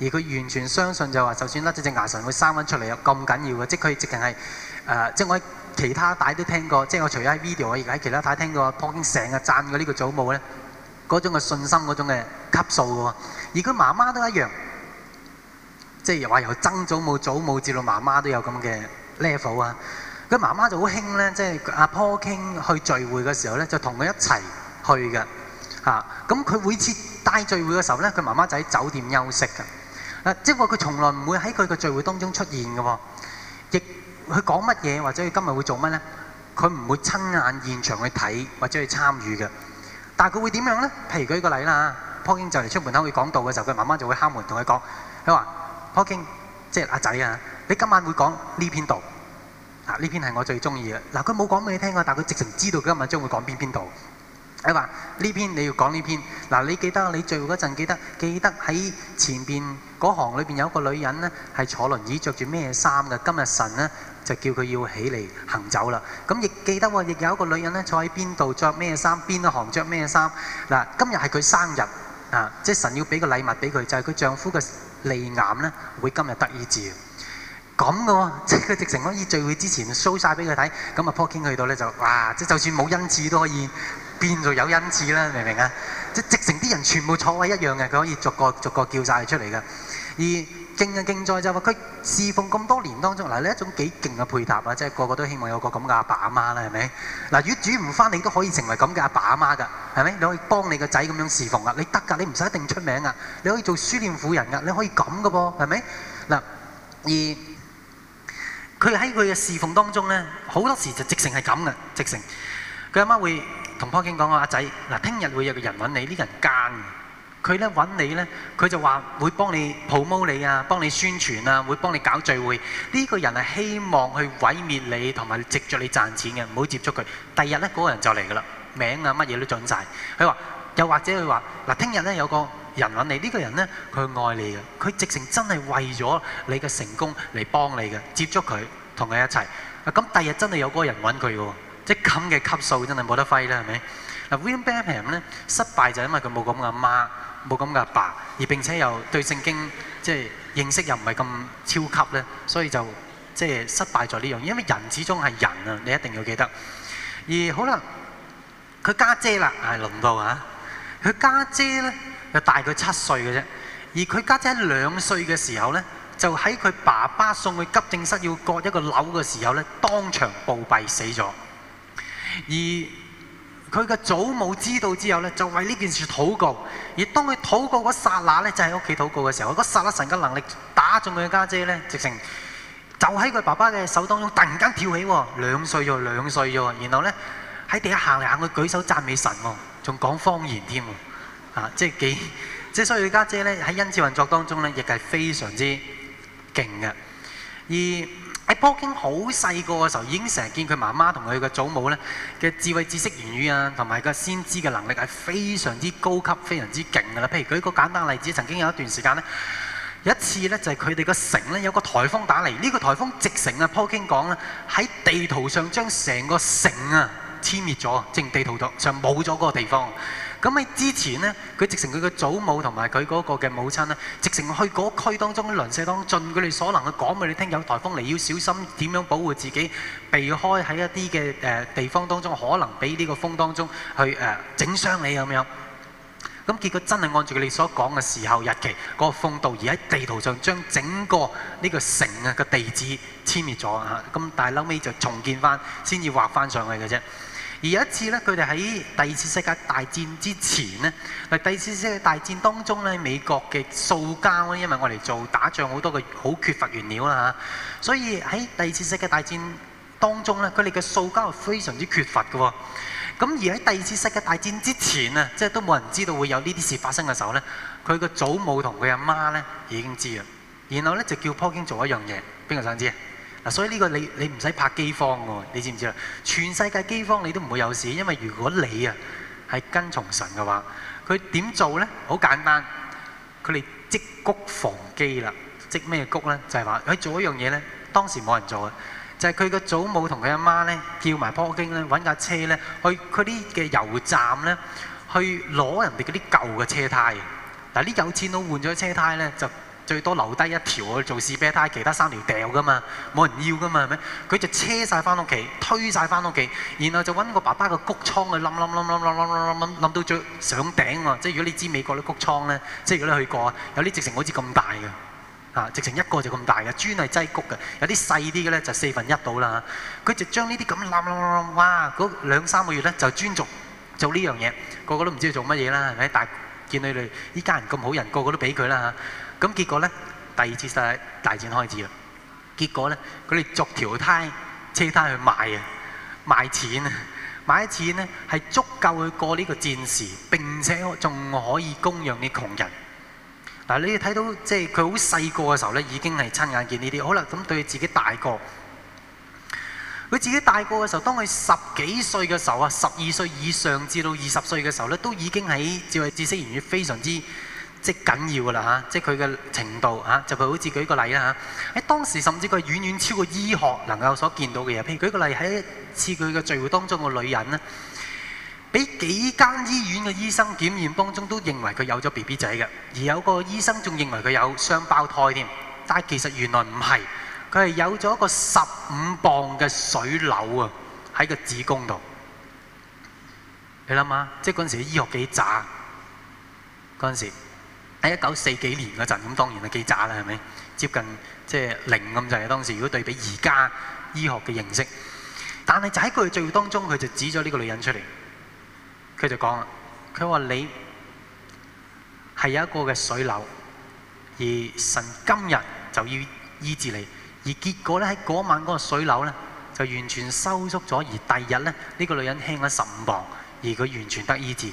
而佢完全相信就話，就算甩咗隻牙，神會，佢生翻出嚟啊。咁緊要嘅，即係佢直情係誒，即係我喺其他大都聽過，即係我除咗喺 video，我喺其他大聽過，Paul Cain 成日贊過呢個祖母咧。嗰種嘅信心，嗰種嘅級數喎。而佢媽媽都一樣，即係話由曾祖母、祖母至到媽媽都有咁嘅 level 啊。佢媽媽就好興咧，即係阿 Paul Cain 去聚會嘅時候咧，就同佢一齊去嘅嚇。咁、啊、佢每次帶聚會嘅時候咧，佢媽媽就喺酒店休息嘅。嗱、啊，即係話佢從來唔會喺佢嘅聚會當中出現嘅喎。亦佢講乜嘢，或者佢今日會做乜咧？佢唔會親眼現場去睇或者去參與嘅。但佢會點樣呢？譬如舉個例啦，Paul Cain 就嚟出門口去講道嘅時候，佢媽媽就會敲門同佢講，佢話 Paul Cain 即係阿仔啊，你今晚會講呢篇道，啊，呢篇係我最中意嘅。嗱，佢冇講俾你聽㗎，但係佢直情知道今日將會講邊篇道。佢話呢篇，你要講呢篇。嗱、啊、你記得你聚會嗰陣記得記得喺前邊嗰行裏邊有個女人呢，係坐輪椅着住咩衫嘅。今日神呢。就叫佢要起嚟行走啦。咁亦記得喎，亦有一個女人咧坐喺邊度，着咩衫，邊一行着咩衫。嗱，今日係佢生日啊！即係神要俾個禮物俾佢，就係、是、佢丈夫嘅利癌咧，會今日得醫治。咁嘅喎，即係佢直情可以聚會之前 show 晒俾佢睇。咁啊 Paul Cain 去到咧就哇！即係就算冇恩賜都可以變做有恩賜啦，明唔明啊？即係直情啲人全部坐喺一,一樣嘅，佢可以逐個逐個叫曬出嚟嘅。而勁啊，勁在就話佢侍奉咁多年當中，嗱呢一種幾勁嘅配搭啊！即係個個都希望有個咁嘅阿爸阿媽啦，係咪？嗱，如果煮唔翻，你都可以成為咁嘅阿爸阿媽噶，係咪？你可以幫你個仔咁樣侍奉啊！你得㗎，你唔使一定出名啊！你可以做書念婦人㗎，你可以咁嘅噃，係咪？嗱，而佢喺佢嘅侍奉當中咧，好多時就直情係咁嘅，直情佢阿媽會同樺堅講：我阿仔嗱，聽日會有個人揾你，呢個人奸嘅。佢咧揾你咧，佢就話會幫你 promote 你啊，幫你宣傳啊，會幫你搞聚會。呢個人係希望去毀滅你同埋藉著你賺錢嘅，唔好接觸佢。第二日咧，嗰個人就嚟噶啦，名啊乜嘢都準晒。佢話，又或者佢話嗱，聽日咧有個人揾你，呢個人咧佢愛你嘅，佢直情真係為咗你嘅成功嚟幫你嘅，接觸佢同佢一齊。咁，第二日真係有嗰個人揾佢喎，即係咁嘅級數真係冇得揮啦，係咪？嗱，William Branham 咧失敗就因為佢冇咁嘅媽。冇咁嘅阿爸，而並且又對聖經即係認識又唔係咁超級咧，所以就即係失敗咗呢樣。因為人始終係人啊，你一定要記得。而可能佢家姐啦，係輪到啊。佢家姐咧，又大佢七歲嘅啫。而佢家姐喺兩歲嘅時候咧，就喺佢爸爸送去急症室要割一個瘤嘅時候咧，當場暴斃死咗。而佢個祖母知道之後咧，就為呢件事禱告。而當佢禱告嗰剎那咧，就喺屋企禱告嘅時候，嗰、那個、剎那神嘅能力打中佢嘅家姐咧，直情就喺佢爸爸嘅手當中突然間跳起喎，兩歲咋，兩歲咋。然後咧喺地下行嚟行去舉手讚美神喎，仲講方言添喎。啊，即係幾即係所以家姐咧喺恩賜運作當中咧，亦係非常之勁嘅。而喺 Paul Cain 好細個嘅時候，已經成日見佢媽媽同佢嘅祖母呢嘅智慧知識、言語啊，同埋個先知嘅能力係非常之高級、非常之勁噶啦。譬如舉個簡單例子，曾經有一段時間呢，一有一次呢，就係佢哋個城呢有個颱風打嚟，呢、呢個颱風直成啊 Paul Cain 講咧喺地圖上將成個城啊殲滅咗，即係地圖上冇咗嗰個地方。咁喺之前呢，佢直情佢嘅祖母同埋佢嗰個嘅母親呢，直情去嗰區當中啲鄰舍當中，盡佢哋所能去講俾你聽有颱風，嚟要小心，點樣保護自己，避開喺一啲嘅誒地方當中，可能俾呢個風當中去誒整傷你咁樣。咁結果真係按住佢哋所講嘅時候日期，嗰個風度而喺地圖上將整個呢個城啊嘅地址湮滅咗啊！咁但係後屘就重建翻，先至畫翻上去嘅啫。而有一次咧，佢哋喺第二次世界大戰之前咧，嗱第二次世界大戰當中咧，美國嘅塑膠咧，因為我哋做打仗好多嘅好缺乏原料啦嚇，所以喺第二次世界大戰當中咧，佢哋嘅塑膠係非常之缺乏嘅。咁而喺第二次世界大戰之前啊，即係都冇人知道會有呢啲事發生嘅時候咧，佢個祖母同佢阿媽咧已經知啦。然後咧就叫 Paul Cain 做一樣嘢，邊個想知？嗱，所以呢個你你唔使怕饑荒嘅喎，你知唔知啊？全世界饑荒你都唔會有事，因為如果你啊係跟從神嘅話，佢點做呢？好簡單，佢哋積谷防饑啦。積咩谷呢？就係話，佢做一樣嘢呢，當時冇人做嘅，就係佢個祖母同佢阿媽呢叫埋波京呢揾架車呢，去佢啲嘅油站呢，去攞人哋嗰啲舊嘅車胎。嗱，啲有錢佬換咗車胎呢，就～最多留低一條，我做士啤胎，其他三條掉噶嘛，冇人要噶嘛，係咪？佢就車晒翻屋企，推晒翻屋企，然後就揾個爸爸個谷倉去冧冧冧冧冧冧到最上頂喎。即係如果你知美國啲谷倉咧，即係如果你去過啊，有啲直情好似咁大嘅，嚇直情一個就咁大嘅，專係擠谷嘅。有啲細啲嘅咧就四分一到啦。佢、啊、就將呢啲咁冧冧冧哇，嗰兩三個月咧就是、專做做呢樣嘢，個個都唔知佢做乜嘢啦，係、啊、咪？但見你哋依家人咁好人，個個都俾佢啦嚇。啊。咁結果呢，第二次世界大戰開始啦。結果呢，佢哋逐條胎、車胎去賣啊，賣錢啊，賣錢呢，係足夠去過呢個戰時，並且仲可以供養啲窮人。嗱、啊，你睇到即係佢好細個嘅時候呢，已經係親眼見呢啲。好啦，咁對自己大個，佢自己大個嘅時候，當佢十幾歲嘅時候啊，十二歲以上至到二十歲嘅時候呢，都已經喺智慧、知識、言語非常之。即緊要㗎啦嚇！即佢嘅程度嚇、啊，就譬、是、如好似舉個例啦嚇。喺、啊、當時甚至佢遠遠超過醫學能夠所見到嘅嘢。譬如舉個例，喺一次佢嘅聚會當中，個女人呢，俾、啊、幾間醫院嘅醫生檢驗當中都認為佢有咗 B B 仔嘅，而有個醫生仲認為佢有雙胞胎添。但係其實原來唔係，佢係有咗一個十五磅嘅水瘤啊喺個子宮度。你諗下，即嗰陣時醫學幾渣？嗰陣時。喺一九四幾年嗰陣，咁當然係幾渣啦，係咪？接近即係零咁就係當時。如果對比而家醫學嘅認識，但係喺佢嘅聚會當中，佢就指咗呢個女人出嚟。佢就講啦，佢話你係有一個嘅水瘤，而神今日就要醫治你。而結果呢，喺嗰晚嗰個水瘤呢，就完全收縮咗。而第二日呢，呢個女人輕咗十五磅，而佢完全得醫治。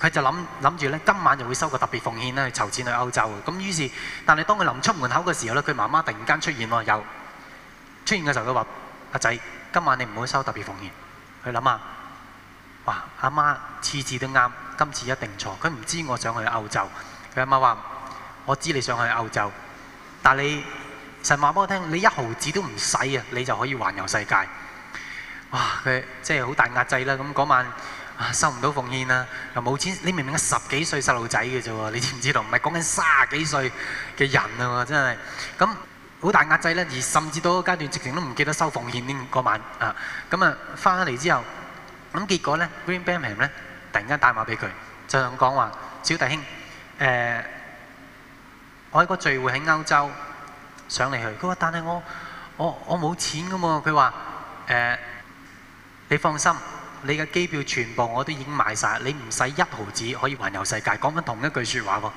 佢就諗諗住咧，今晚就會收個特別奉獻咧，去籌錢去歐洲嘅。咁於是，但係當佢臨出門口嘅時候咧，佢媽媽突然間出現喎，又出現嘅時候佢話：阿仔，今晚你唔好收特別奉獻。佢諗下：「哇！阿媽次次都啱，今次一定錯。佢唔知我想去歐洲。佢阿媽話：我知你想去歐洲，但你神話俾我聽，你一毫子都唔使啊，你就可以環遊世界。哇！佢即係好大壓制啦。咁嗰晚，收唔到奉獻啦，又冇錢。你明明十幾歲細路仔嘅啫喎，你知唔知道？唔係講緊卅幾歲嘅人喎，真係咁好大壓制咧。而甚至到個階段，直情都唔記得收奉獻呢個晚啊。咁啊，翻返嚟之後，咁結果咧，Green Benjamin 咧，突然間打電話俾佢，就咁講話，小弟兄，誒，我喺個聚會喺歐洲，想你去。佢話，但係我，我，我冇錢㗎嘛。佢話，誒，你放心。你嘅機票全部我都已經買晒，你唔使一毫紙可以環遊世界。講緊同一句説話喎。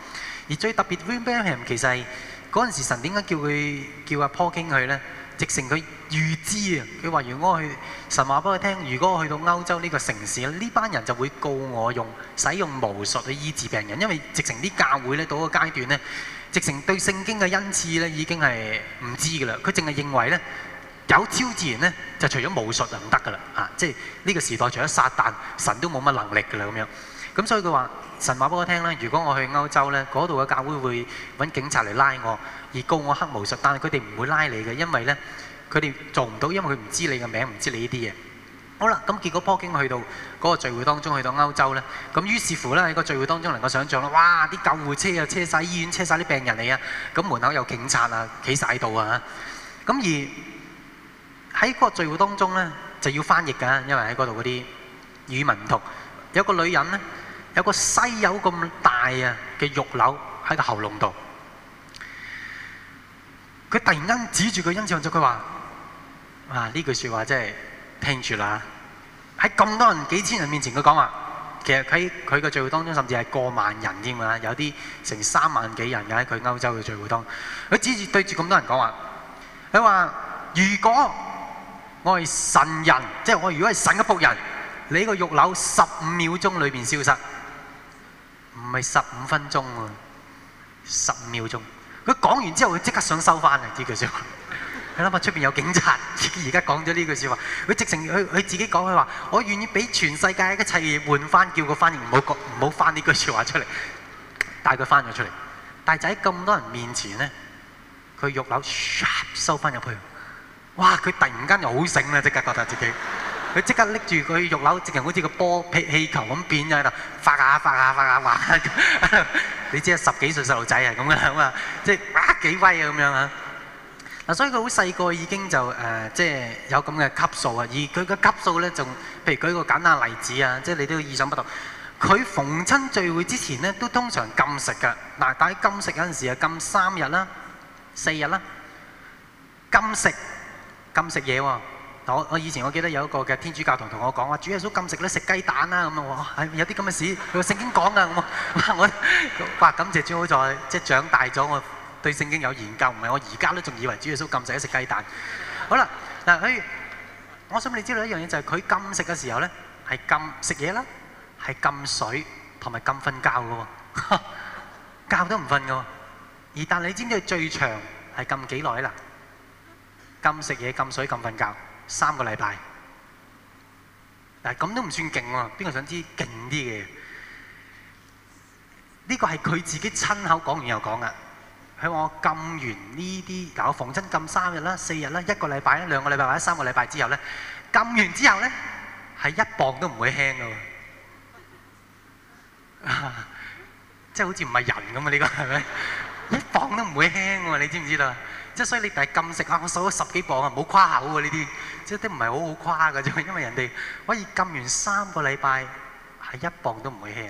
而最特別，William Branham 其實係嗰陣時神點解叫佢叫阿 Paul Cain 去咧？直情佢預知啊！佢話：如果我去神話俾佢聽，如果我去到歐洲呢個城市咧，呢班人就會告我用使用巫術去醫治病人。因為直情啲教會咧到個階段呢，直情對聖經嘅恩賜呢已經係唔知㗎啦。佢淨係認為呢。有超自然咧，就除咗巫術就唔得噶啦！啊，即係呢個時代除咗撒旦神都冇乜能力噶啦咁樣。咁所以佢話：神話俾我聽咧，如果我去歐洲咧，嗰度嘅教會會揾警察嚟拉我，而告我黑巫術。但係佢哋唔會拉你嘅，因為咧佢哋做唔到，因為佢唔知你嘅名，唔知你呢啲嘢。好啦，咁結果 Paul Cain 去到嗰個聚會當中，去到歐洲咧，咁於是乎咧喺個聚會當中能夠想象啦，哇！啲救護車啊，車晒醫院，車晒啲病人嚟啊！咁門口有警察啊，企晒喺度啊！咁而喺嗰個聚會當中咧，就要翻譯噶，因為喺嗰度嗰啲語文唔同。有個女人咧，有個西柚咁大啊嘅肉瘤喺個喉嚨度。佢突然間指住佢恩賜就佢話：啊，呢句説話真係聽住啦！喺咁多人、幾千人面前，佢講話，其實喺佢嘅聚會當中，甚至係過萬人添啊！有啲成三萬幾人嘅喺佢歐洲嘅聚會當，佢指住對住咁多人講話，佢話如果。我係神人，即係我如果係神嘅僕人，你個肉瘤十五秒鐘裏邊消失，唔係十五分鐘喎，十五秒鐘。佢講完之後，佢即刻想收翻嚟。呢句説話，佢諗下出邊有警察，而家講咗呢句説話，佢直情佢，佢自己講佢話，我願意俾全世界一切嘢換翻，叫個翻譯唔好講，唔好翻呢句説話出嚟，帶佢翻咗出嚟，但係喺咁多人面前咧，佢肉瘤收翻入去。哇！佢突然間又好醒啦，即刻覺得自己，佢即刻拎住佢肉瘤，直情好似個波氣球咁變咗喺度，發下發下發下發下。你知啊，十幾歲細路仔係咁樣嘛，即係哇幾威啊咁樣啊！嗱，所以佢好細個已經就誒，即係有咁嘅級數啊。而佢嘅級數咧，仲譬如舉個簡單例子啊，即係你都意想不到，佢逢親聚會之前咧，都通常禁食㗎。嗱，但係禁食嗰陣時啊，禁三日啦、四日啦，禁食。禁食嘢喎，我我以前我記得有一個嘅天主教同同我講話，主耶穌禁食咧食雞蛋啦咁啊，我係有啲咁嘅事，佢聖經講㗎，我哇，我哇，感謝主好在即係長大咗，我對聖經有研究，唔係我而家都仲以為主耶穌禁食咧食雞蛋。好啦，嗱，誒，我想你知道一樣嘢就係佢禁食嘅時候咧，係禁食嘢啦，係禁水同埋禁瞓覺㗎喎，哈，覺都唔瞓㗎喎，而但你知唔知佢最長係禁幾耐啊嗱？禁食嘢、禁水、禁瞓覺三個禮拜，但咁都唔算勁喎。邊個想知勁啲嘅？呢個係佢自己親口講完又講噶。喺我禁完呢啲，搞到仿真禁三日啦、四日啦、一個禮拜啦、兩個禮拜或者三個禮拜之後咧，禁完之後咧係一磅都唔會輕噶喎，即係好似唔係人咁啊！呢個係咪一磅都唔會輕喎？你知唔知道？即係所以你第係禁食啊，我瘦咗十幾磅啊，冇誇口喎呢啲，即係都唔係好好誇嘅啫。因為人哋可以禁完三個禮拜係一磅都唔會輕，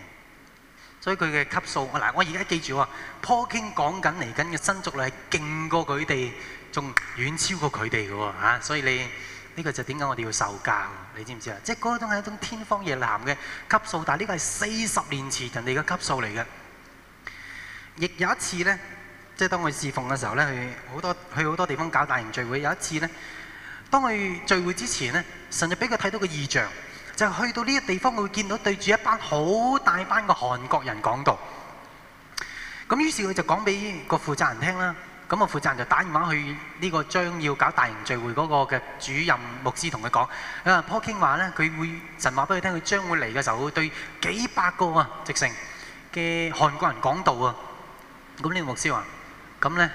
所以佢嘅級數，嗱我而家記住啊，Paul Cain 講緊嚟緊嘅新族類係勁過佢哋，仲遠超過佢哋嘅喎嚇。所以你呢個就點解我哋要受教？你知唔知啊？即係嗰種係一種天方夜譚嘅級數，但係呢個係四十年前人哋嘅級數嚟嘅。亦有一次咧。即係當佢侍奉嘅時候咧，去好多去好多地方搞大型聚會。有一次咧，當佢聚會之前咧，神就俾佢睇到個異象，就係去到呢個地方，佢會見到對住一班好大班嘅韓國人講道。咁於是佢就講俾個負責人聽啦。咁個負責人就打電話去呢個將要搞大型聚會嗰個嘅主任牧師同佢講：啊，Paul Cain 話咧，佢會神話俾佢聽，佢將會嚟嘅時候會對幾百個啊直成嘅韓國人講道啊。咁呢個牧師話，咁咧，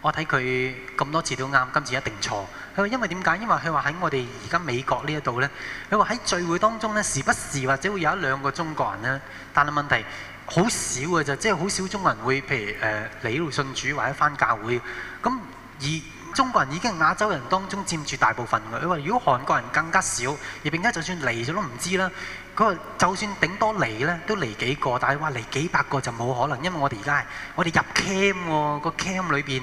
我睇佢咁多次都啱，今次一定錯。佢話因為點解？因為佢話喺我哋而家美國呢一度咧，佢話喺聚會當中咧，時不時或者會有一兩個中國人咧，但係問題好少嘅就，即係好少中國人會譬如誒嚟呢度信主或者翻教會。咁而中國人已經係亞洲人當中佔住大部分嘅，佢話如果韓國人更加少，而並且就算嚟咗都唔知啦。佢話就算頂多嚟咧，都嚟幾個，但係話嚟幾百個就冇可能，因為我哋而家係我哋入 camp 喎，個 camp 裏邊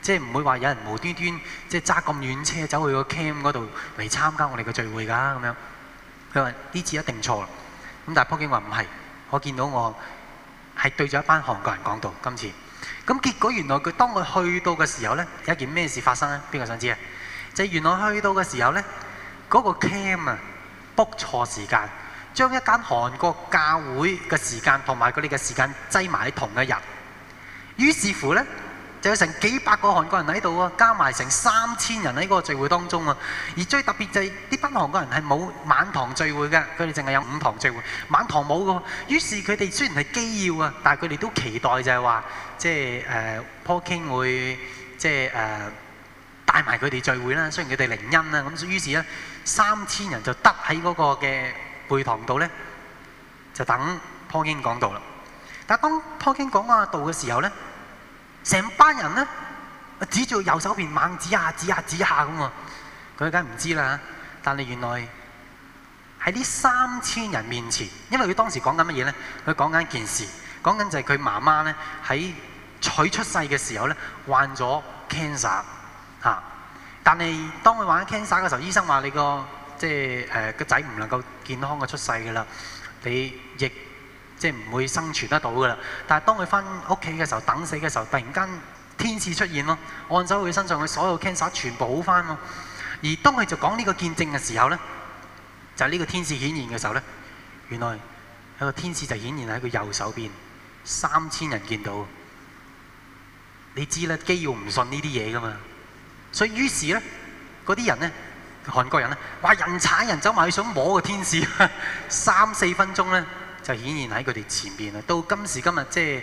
即係唔會話有人無端端即係揸咁遠車走去個 camp 嗰度嚟參加我哋嘅聚會㗎咁樣。佢話呢次一定錯啦。咁但係 Paul Cain 話唔係，我見到我係對住一班韓國人講到今次。咁結果原來佢當佢去到嘅時候呢，有一件咩事發生呢？邊個想知啊？就係、原來去到嘅時候呢，嗰、嗰個 cam 啊，book 錯時間，將一間韓國教會嘅時間同埋佢哋嘅時間擠埋喺同一日，於是乎呢。就有成幾百個韓國人喺度啊，加埋成三千人喺嗰個聚會當中啊。而最特別就係呢班韓國人係冇晚堂聚會嘅，佢哋淨係有午堂聚會，晚堂冇嘅。於是佢哋雖然係機要啊，但係佢哋都期待就係話，即係誒、呃、Paul Cain 會即係誒、呃、帶埋佢哋聚會啦。雖然佢哋靈恩啦，咁於是咧三千人就得喺嗰個嘅背堂度咧，就等 Paul Cain 講道啦。但係當 Paul Cain 講啊道嘅時候咧。成班人咧，指住右手邊猛指下、啊、指下、啊、指下咁喎，佢梗唔知啦。但係原來喺呢三千人面前，因為佢當時講緊乜嘢咧？佢講緊一件事，講緊就係佢媽媽咧喺佢出世嘅時候咧患咗 cancer 嚇，但係當佢患咗 cancer 嘅時候，醫生話你個即係誒個仔唔能夠健康嘅出世㗎啦，你亦。即係唔會生存得到㗎啦。但係當佢翻屋企嘅時候，等死嘅時候，突然間天使出現咯，按手佢身上嘅所有 cancer，全部好翻喎。而當佢就講呢個見證嘅時候咧，就係、是、呢個天使顯現嘅時候咧，原來一、嗰個天使就顯現喺佢右手邊，三千人見到。你知啦，基要唔信呢啲嘢㗎嘛。所以於是咧，嗰啲人咧，韓國人咧，話人踩人走埋去想摸個天使，三 四分鐘咧。就顯現喺佢哋前面啦，到今時今日，即係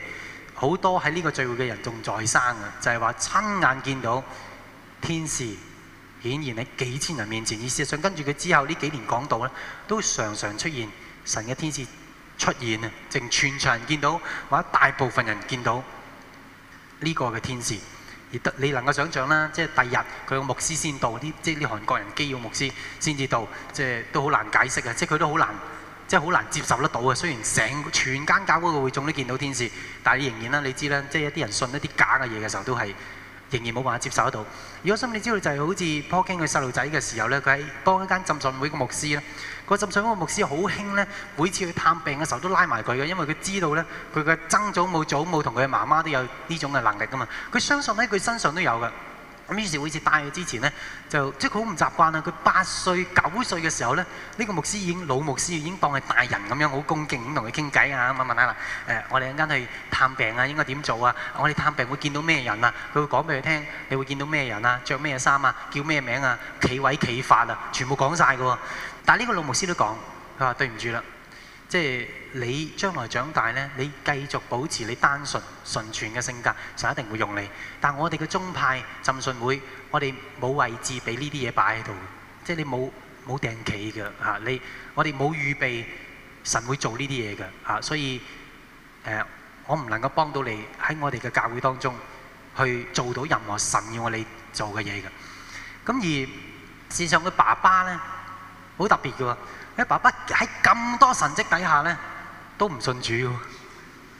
好多喺呢個聚會嘅人仲在生呀，就係話親眼見到天使顯現喺幾千人面前。而事實上跟住佢之後呢幾年講道咧，都常常出現神嘅天使出現啊，正全場人見到或者大部分人見到呢個嘅天使。而得你能夠想像啦，即係第日佢嘅牧師先到啲，即係啲韓國人基要牧師先至到，即係都好難解釋呀，即係佢都好難。即係好難接受得到啊。雖然成全間教會嘅會眾都見到天使，但係仍然咧，你知啦，即係一啲人信一啲假嘅嘢嘅時候都，都係仍然冇辦法接受得到。如果想你知道就係、是、好似 Paul Cain 嘅細路仔嘅時候咧，佢喺幫一間浸信會嘅牧師咧，個浸信會嘅牧師好興咧，每次去探病嘅時候都拉埋佢嘅，因為佢知道咧，佢嘅曾祖母、祖母同佢嘅媽媽都有呢種嘅能力噶嘛，佢相信喺佢身上都有嘅。咁於是乎，以前帶佢之前呢，就即係佢好唔習慣啊！佢八歲、九歲嘅時候呢，呢、呢個牧師已經老牧師，已經當係大人咁樣，好恭敬咁同佢傾偈啊！咁啊問下啦，誒，我哋陣間去探病啊，應該點做啊？我哋探病會見到咩人啊？佢會講俾佢聽，你會見到咩人啊？着咩衫啊？叫咩名啊？企位企法啊，全部講晒嘅喎。但係呢個老牧師都講，佢話對唔住啦。即係你將來長大咧，你繼續保持你單純純全嘅性格，神一定會用你。但係我哋嘅宗派浸信會，我哋冇位置俾呢啲嘢擺喺度，即係你冇冇定企嘅嚇你。我哋冇預備神會做呢啲嘢嘅嚇，所以誒，我唔能夠幫到你喺我哋嘅教會當中去做到任何神要我哋做嘅嘢嘅。咁而事實上佢爸爸咧，好特別嘅喎。佢爸爸喺咁多神蹟底下呢，都唔信主，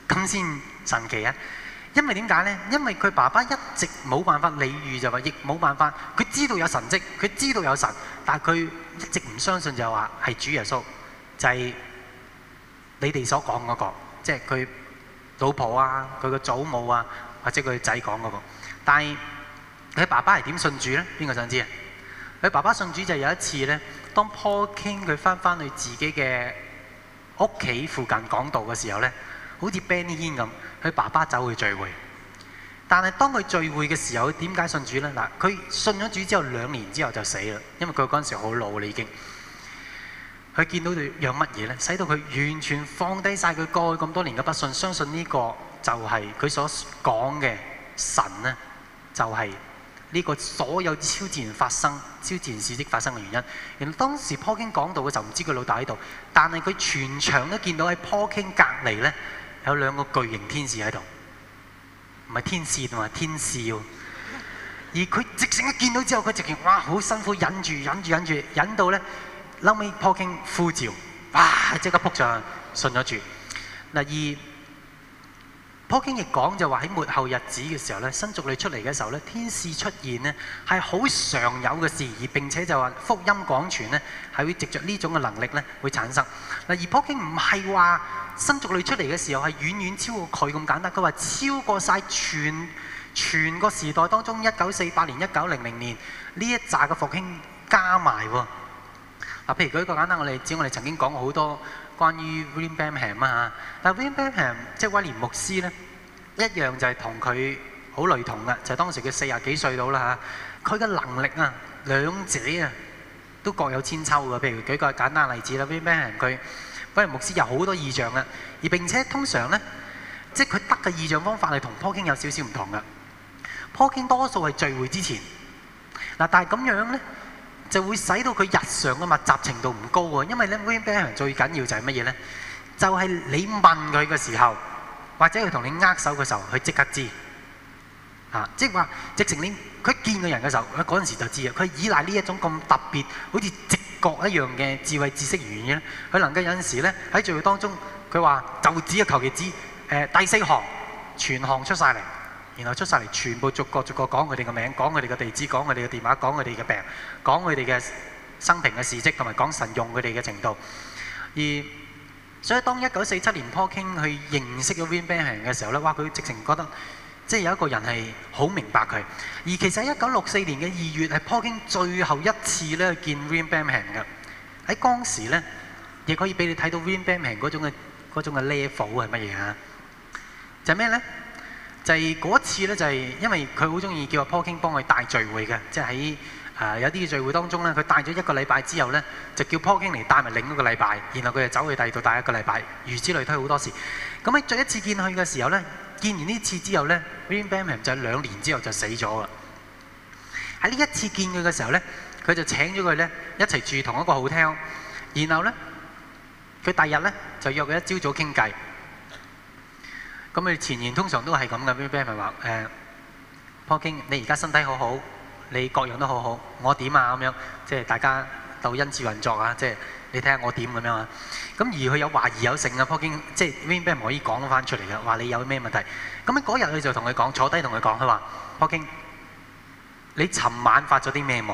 咁 先神奇啊！因為點解呢？因為佢爸爸一直冇辦法理喻就話，亦冇辦法。佢知道有神蹟，佢知道有神，但係佢一直唔相信就話係主耶穌，就係你哋所講嗰個，即係佢老婆啊、佢個祖母啊或者佢仔講嗰個。但係佢爸爸係點信主呢？邊個想知啊？佢爸爸信主就係有一次呢。當 Paul Cain 佢翻翻去自己嘅屋企附近講道嘅時候呢，好似 Benny Young 咁，佢爸爸走去聚會。但係當佢聚會嘅時候，佢點解信主呢？嗱，佢信咗主之後兩年之後就死啦，因為佢嗰陣時好老啦已經。佢見到佢有乜嘢呢，使到佢完全放低晒佢過去咁多年嘅不信，相信呢個就係佢所講嘅神呢，就係、是。呢個所有超自然發生、超自然事蹟發生嘅原因，原來當時 Paul Cain 講道嘅就唔知佢老豆喺度，但係佢全場都見到喺 Paul Cain 隔離咧有兩個巨型天使喺度，唔係天使同埋天使喎，而佢直情一見到之後，佢直情哇好辛苦忍住，忍住、忍住、忍住，忍到咧後尾 Paul Cain 呼召，哇、啊、即刻撲上信咗住。嗱而。Paul Cain 亦講就話喺末後日子嘅時候咧，新族類出嚟嘅時候咧，天使出現呢係好常有嘅事，而並且就話福音廣傳咧係會藉着呢種嘅能力咧會產生嗱，而 Paul Cain 唔係話新族類出嚟嘅時候係遠遠超過佢咁簡單，佢話超過晒全全個時代當中一九四八年、一九零零年呢一揸嘅復興加埋喎嗱，譬如舉一個簡單嘅例子，我哋曾經講過好多。關於 William Branham 嘛嚇，但 William Branham 即係威廉牧師咧，一樣就係同佢好類同嘅，就係、是、當時佢四廿幾歲到啦嚇。佢嘅能力啊，兩者啊都各有千秋㗎。譬如舉個簡單例子啦，William Branham 佢威廉牧師有好多異象啊，而並且通常咧，即係佢得嘅異象方法係同 Paul Cain 有少少唔同㗎。Paul Cain 多數係聚會之前，嗱但係咁樣咧。就會使到佢日常嘅密集程度唔高喎，因為咧，William Branham 最緊要就係乜嘢咧？就係你問佢嘅時候，或者佢同你握手嘅時候，佢即刻知嚇，即係話直情你佢見個人嘅時候，佢嗰陣時就知啊！佢依賴呢一種咁特別，好似直覺一樣嘅智慧知識語言，佢能夠有陣時咧喺聚會當中，佢話就指啊求其指誒第四行全行出曬嚟。然後出曬嚟，全部逐個逐個講佢哋嘅名，講佢哋嘅地址，講佢哋嘅電話，講佢哋嘅病，講佢哋嘅生平嘅事蹟，同埋講神用佢哋嘅程度。而所以當一九四七年 Paul Cain 去認識咗 William Branham 嘅時候咧，哇！佢直情覺得即係有一個人係好明白佢。而其實一九六四年嘅二月係 Paul Cain 最後一次咧見 William Branham 嘅。喺當時咧，亦可以俾你睇到 William Branham 嗰種嘅嗰種嘅 level 係乜嘢啊？就係咩咧？就係、是、嗰次咧，就係、是、因為佢好中意叫阿 Paul Cain 幫佢帶聚會嘅，即係喺啊有啲聚會當中咧，佢帶咗一個禮拜之後咧，就叫 Paul Cain 嚟帶埋另一個禮拜，然後佢就走去第二度帶一個禮拜，如此類推好多次。咁喺再一次見佢嘅時候咧，見完呢次之後咧，William Branham 係就兩年之後就死咗啊！喺呢一次見佢嘅時候咧，佢就請咗佢咧一齊住同一個 hotel，然後咧佢第日咧就約佢一朝早傾偈。咁佢前言通常都係咁嘅，William 咪話：誒，Paul Cain，你而家身體好好，你各樣都好好，我點啊？咁樣，即係大家鬥恩慈運作啊！即係你睇下我點咁樣啊！咁而佢有懷疑有剩啊，Paul Cain，即係 William 可以講翻出嚟嘅，話你有咩問題？咁樣嗰日佢就同佢講，坐低同佢講，佢話：Paul Cain，你尋晚發咗啲咩夢？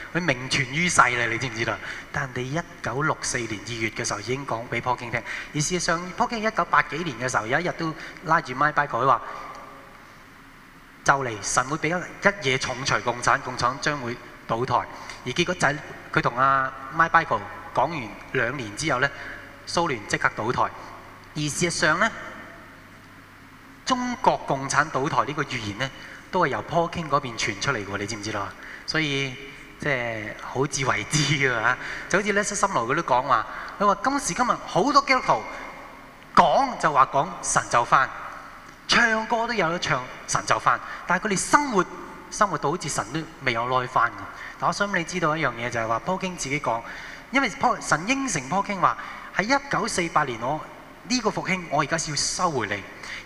佢名存於世咧，你知唔知道？但係一九六四年二月嘅時候已經講俾 Paul Cain 聽，而事實上 Paul Cain 一九八幾年嘅時候有一日都拉住 Mike Bickle 佢話：就嚟神會俾一一夜重除共產，共產將會倒台。而結果就係佢同阿 Mike Bickle 講完兩年之後咧，蘇聯即刻倒台。而事實上咧，中國共產倒台呢個預言咧，都係由 Paul Cain 嗰邊傳出嚟嘅喎，你知唔知道？所以。即係好自為之㗎嘛， 就好似 Leslie Sin l o 佢都講話，佢話今時今日好多基督徒講就話講神就翻，唱歌都有得唱神就翻，但係佢哋生活生活到好似神都未有耐翻。但我想你知道一樣嘢就係話 Paul Cain 自己講，因為 Paul 神應承 Paul Cain 話喺一九四八年我呢、呢個復興我而家先要收回嚟。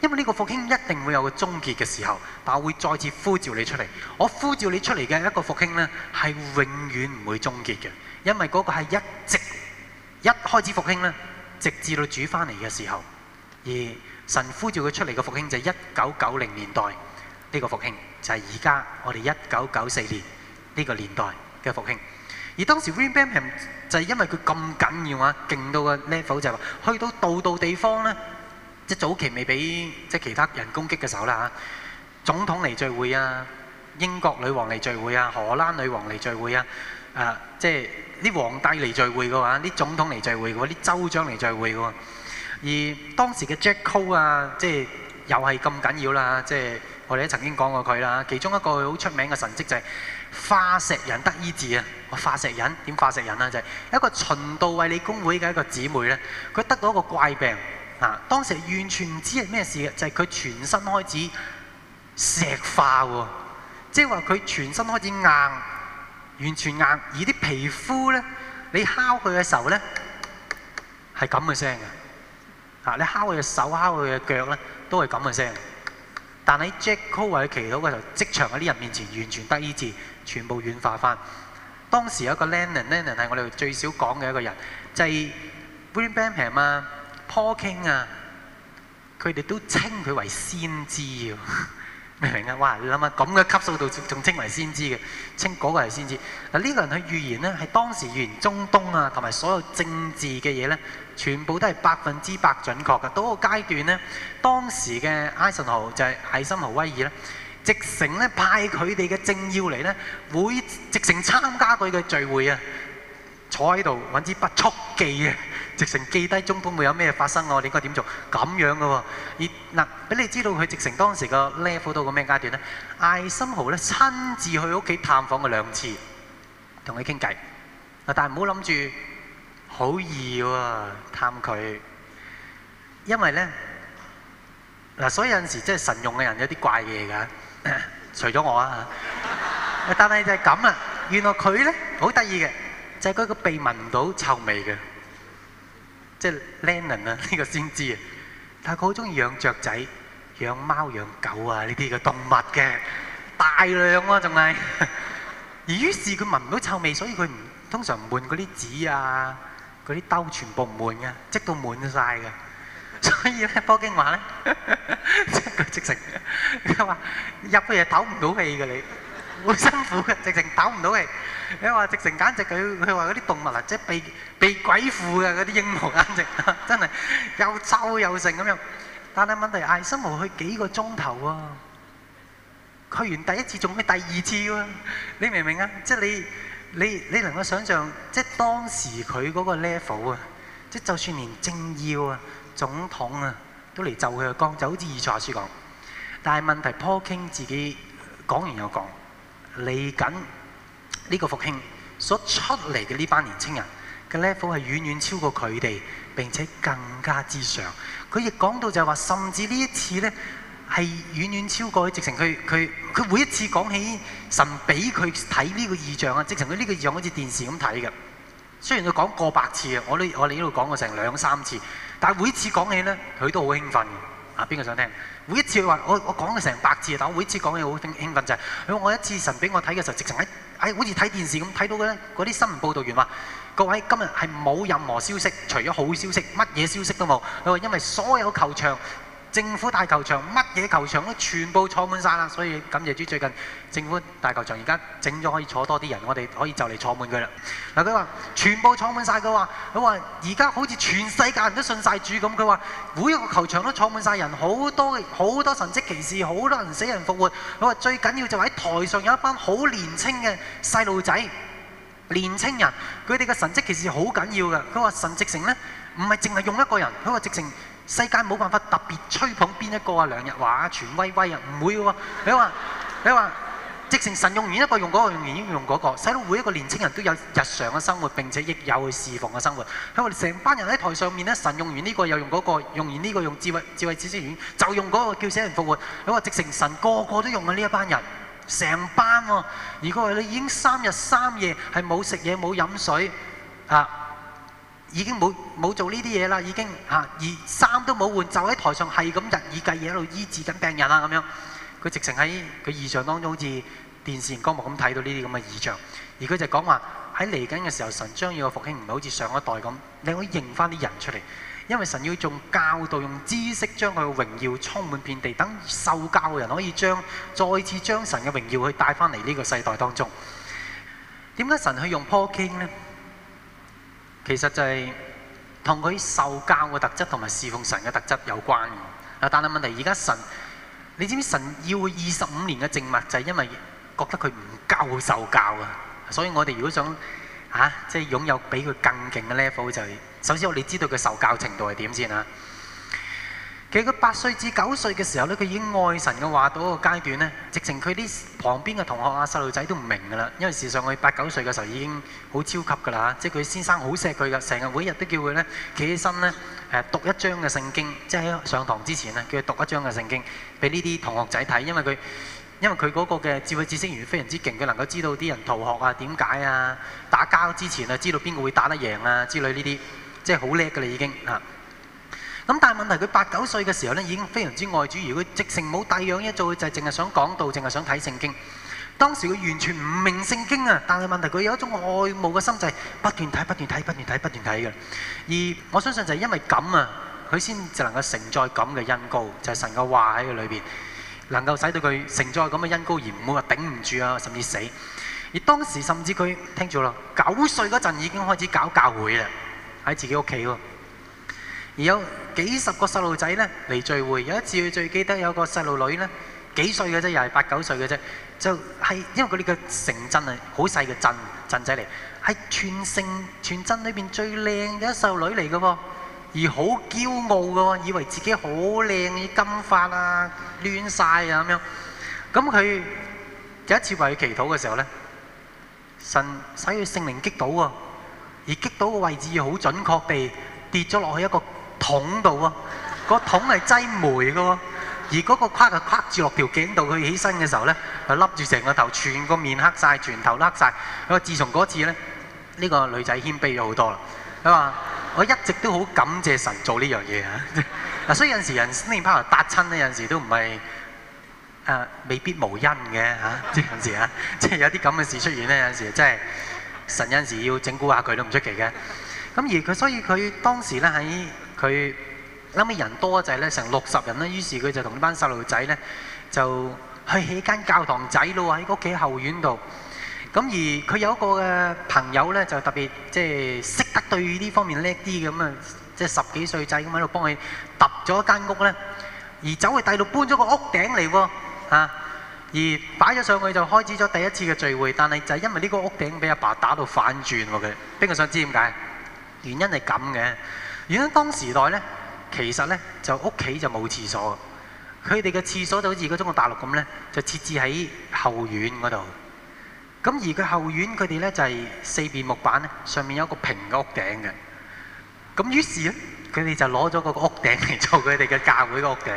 因為呢個復興一定會有個終結嘅時候，但係我會再次呼召你出嚟。我呼召你出嚟嘅一個復興咧，係永遠唔會終結嘅。因為嗰個係一直一開始復興咧，直至到主翻嚟嘅時候。而神呼召佢出嚟嘅復興就係1990年代呢個復興，就係而家我哋1994年呢個年代嘅復興。而當時 Reebam 係就因為佢咁緊要啊，勁到個 level 就係話去到度度地方咧。即係早期未俾即係其他人攻擊嘅時候啦嚇，總統嚟聚會啊，英國女王嚟聚會啊，荷蘭女王嚟聚會啊，誒即係啲皇帝嚟聚會嘅話，啲總統嚟聚會嘅話，啲州長嚟聚會嘅喎。而當時嘅 Jack Coe 啊，即係又係咁緊要啦，即係我哋都曾經講過佢啦。其中一個好出名嘅神蹟就係化石人得醫治啊！化石人點化石人啦？就係一個循道衛理公會嘅一個姊妹咧，佢得咗一個怪病。嗱，當時完全唔知係咩事嘅，就係、是、佢全身開始石化喎，即係話佢全身開始硬，完全硬。而啲皮膚咧，你敲佢嘅時候咧，係咁嘅聲嘅。啊，你敲佢嘅手，敲佢嘅腳咧，都係咁嘅聲。但喺 Jack Coe 喺祈禱嘅時候，即場喺啲人面前完全得醫治，全部軟化翻。當時有一個 Lennon，Lennon 係我哋最少講嘅一個人，就係 William Branham 嘛。柯傾啊，佢哋都稱佢為先知喎，明唔明啊？哇！你諗下咁嘅級數度，仲稱為先知嘅，稱嗰個係先知。嗱呢個人佢預言咧，係當時預言中東啊，同埋所有政治嘅嘢呢，全部都係百分之百準確嘅。到個階段呢，當時嘅艾森豪就係艾森豪威爾啦，直成咧派佢哋嘅政要嚟呢，會直成參加佢嘅聚會啊，坐喺度揾支筆速記啊。直成記低中東會有咩發生我哋應該點做咁樣嘅喎？而嗱，畀你知道佢直成當時個 level 到個咩階段咧？艾森豪咧親自去屋企探訪過兩次，同佢傾偈嗱，但係唔好諗住好易喎探佢，因為咧嗱，所以有陣時即係神用嘅人有啲怪嘢㗎，除咗我啊，但係就係咁啦。原來佢咧好得意嘅，就係佢個鼻聞唔到臭味嘅。即係 Lennon 啊！呢個先知啊，但係佢好中意養雀仔、養貓、養狗啊！呢啲嘅動物嘅大量啊，仲係。而於是佢聞唔到臭味，所以佢唔通常唔換嗰啲紙啊、嗰啲兜全部唔換嘅，積到滿曬嘅。所以咧，波經話咧，即係直情，佢話入去嘢唞唔到氣嘅你，好辛苦嘅，直情唞唔到氣。你話直成簡直佢佢話嗰啲動物啊，即係被被鬼附嘅嗰啲鸚鵡簡直，真係又臭又成咁樣。但係問題，艾森豪去幾個鐘頭喎？去完第一次仲去第二次喎？你明唔明啊？即係你你你能夠想象，即係當時佢嗰個 level 啊，即係就算連政要啊、總統啊都嚟就佢啊，講就好似二財主講。但係問題，Paul Cain 自己講完又講嚟緊。呢個復興所出嚟嘅呢班年青人嘅 level 係遠遠超過佢哋，並且更加之上。佢亦講到就係話，甚至呢一次呢係遠遠超過佢，直情佢佢佢每一次講起神俾佢睇呢個異象啊，直情佢呢個異象好似電視咁睇嘅。雖然佢講過百次啊，我呢我哋呢度講過成兩三次，但係每一次講起呢，佢都好興奮啊，邊個想聽？每一次話我我講咗成百次，但我每一次講起好興興奮，就係佢話，我一次神俾我睇嘅時候，直情喺～哎，好似睇電視咁睇到嘅咧，嗰啲新聞報道員話：各位今日係冇任何消息，除咗好消息，乜嘢消息都冇。佢話因為所有球場……」政府大球場、乜嘢球場都全部坐滿晒啦，所以感謝主，最近政府大球場而家整咗可以坐多啲人，我哋可以就嚟坐滿佢啦。嗱，佢話全部坐滿晒。佢喎，佢話而家好似全世界人都信晒主咁，佢話每一個球場都坐滿晒人，好多好多神跡奇事，好多人死人復活。佢話最緊要就喺台上有一班好年青嘅細路仔、年青人，佢哋嘅神跡奇事好緊要嘅。佢話神直誠呢，唔係淨係用一個人，佢話直情。世界冇辦法特別吹捧邊一個啊？梁日華啊，全威威啊，唔會喎、啊！ 你話，你話，直情神用完一個用嗰、那個，用完已經用嗰、那個，使到每一個年輕人都有日常嘅生活並且亦有去侍奉嘅生活。喺我哋成班人喺台上面咧，神用完呢個又用嗰、那個，用完呢個用智慧智慧知識完就用嗰、那個叫死人復活。你話直情神個個都用緊呢一班人，成班喎、啊！如果係你已經三日三夜係冇食嘢冇飲水啊！已經冇冇做呢啲嘢啦，已經嚇二衫都冇換，就喺台上係咁日以繼夜喺度醫治緊病人啊咁樣。佢直情喺佢異象當中，好似電視熒光幕咁睇到呢啲咁嘅異象。而佢就講話喺嚟緊嘅時候，神將要復興，唔係好似上一代咁，你可以認翻啲人出嚟，因為神要用教導，用知識將佢嘅榮耀充滿遍地，等受教嘅人可以將再次將神嘅榮耀去帶翻嚟呢個世代當中。點解神去用 Paul Cain 呢？其實就係同佢受教嘅特質同埋侍奉神嘅特質有關嘅。嗱，但係問題而家神，你知唔知神要二十五年嘅靜默，就係、是、因為覺得佢唔夠受教啊。所以我哋如果想嚇即係擁有比佢更勁嘅 level，就係、首先我你知道佢受教程度係點先啊？佢八歲至九歲嘅時候咧，佢已經愛神嘅話到一個階段咧，直情佢啲旁邊嘅同學啊、細路仔都唔明噶啦，因為事實上，佢八九歲嘅時候已經好超級噶啦，即係佢先生好錫佢噶，成日每日都叫佢咧企起身咧誒讀一章嘅聖經，即係上堂之前啊，叫佢讀一章嘅聖經俾呢啲同學仔睇，因為佢因為佢嗰個嘅智慧知識源非常之勁，佢能夠知道啲人逃學啊、點解啊、打交之前啊、知道邊個會打得贏啊之類呢啲，即係好叻噶啦已經嚇。咁但係問題，佢八九歲嘅時候咧，已經非常之愛主。如果直情冇第樣嘢做，就係淨係想講道，淨係想睇聖經。當時佢完全唔明聖經啊！但係問題，佢有一種愛慕嘅心，就係不斷睇、不斷睇、不斷睇、不斷睇嘅。而我相信就係因為咁啊，佢先就能夠承載咁嘅恩膏，就係神嘅話喺佢裏邊，能夠使到佢承載咁嘅恩膏，而唔會話頂唔住啊，甚至死。而當時甚至佢聽咗啦，九歲嗰陣已經開始搞教會啦，喺自己屋企喎。而有幾十個細路仔咧嚟聚會，有一次我最記得有個細路女咧，幾歲嘅啫，又係八九歲嘅啫，就係因為佢哋嘅城鎮係，好細嘅鎮鎮仔嚟，係全城全鎮裏邊最靚嘅一細路女嚟嘅喎，而好驕傲嘅喎，以為自己好靚，金髮啊，亂曬啊咁樣。咁佢有一次為佢祈禱嘅時候咧，神使佢聖靈擊倒喎，而擊倒嘅位置又好準確地跌咗落去一個。桶度喎，個桶係擠煤嘅喎，而嗰個框就框住落條頸度，佢起身嘅時候咧，係笠住成個頭，全個面黑曬，全頭黑曬。佢話，自從嗰次咧，呢個女仔謙卑咗好多啦。佢話：我一直都好感謝神做呢樣嘢啊！嗱，所以有陣時人連拍落笪親咧，有陣時都唔係誒未必無因嘅嚇，即係有陣時啊，即係有啲咁嘅事出現咧，有陣時真係神有陣時要整蠱下佢都唔出奇嘅。咁而佢所以佢當時咧喺。佢諗起人多就係咧成六十人啦，於是佢就同班細路仔咧就去起間教堂仔咯，喺屋企後院度。咁而佢有一個嘅朋友咧就特別即係識得對呢方面叻啲咁啊，即係十幾歲仔咁喺度幫佢揼咗間屋咧。而走去第六搬咗個屋頂嚟喎，吓、啊、而擺咗上去就開始咗第一次嘅聚會。但係就係因為呢個屋頂俾阿爸打到反轉喎，佢邊個想知點解？原因係咁嘅。而喺當時代咧，其實咧就屋企就冇廁所，佢哋嘅廁所就好似中國大陸咁咧，就設置喺後院嗰度。咁而佢後院佢哋咧就係四邊木板，上面有個平嘅屋頂嘅。咁於是咧，佢哋就攞咗嗰個屋頂嚟做佢哋嘅教會個屋頂。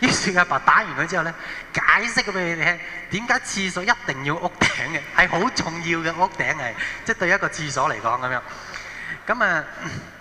於是阿爸打完佢之後咧，解釋俾佢哋聽點解廁所一定要屋頂嘅，係好重要嘅屋頂係，即係對一個廁所嚟講咁樣。咁啊～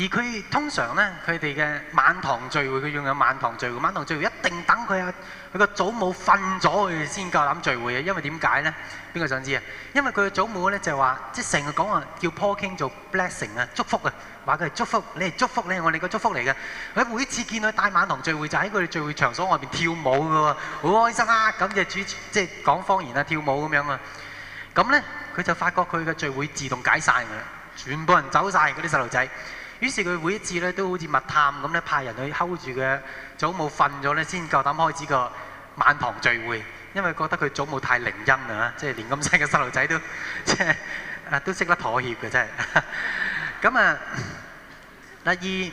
而佢通常咧，佢哋嘅晚堂聚會，佢用有晚堂聚會，晚堂聚會一定等佢阿佢個祖母瞓咗佢先夠膽聚會嘅，因為點解咧？邊個想知啊？因為佢個祖母咧就話、是，即係成日講話叫 Paul Cain 做 blessing 啊，祝福啊，話佢係祝福，你係祝福你係，我哋個祝福嚟嘅。佢每次見佢帶晚堂聚會就喺佢哋聚會場所外邊跳舞嘅喎，好開心啊！咁就主即係講方言啊，跳舞咁樣啊。咁咧佢就發覺佢嘅聚會自動解散嘅，全部人走晒，嗰啲細路仔。於是佢每一次咧都好似密探咁咧，派人去睺住佢祖母瞓咗咧，先夠膽開始個晚堂聚會。因為覺得佢祖母太靈恩啦，即係連咁細嘅細路仔都即係啊，都識得妥協嘅真係。咁啊，第二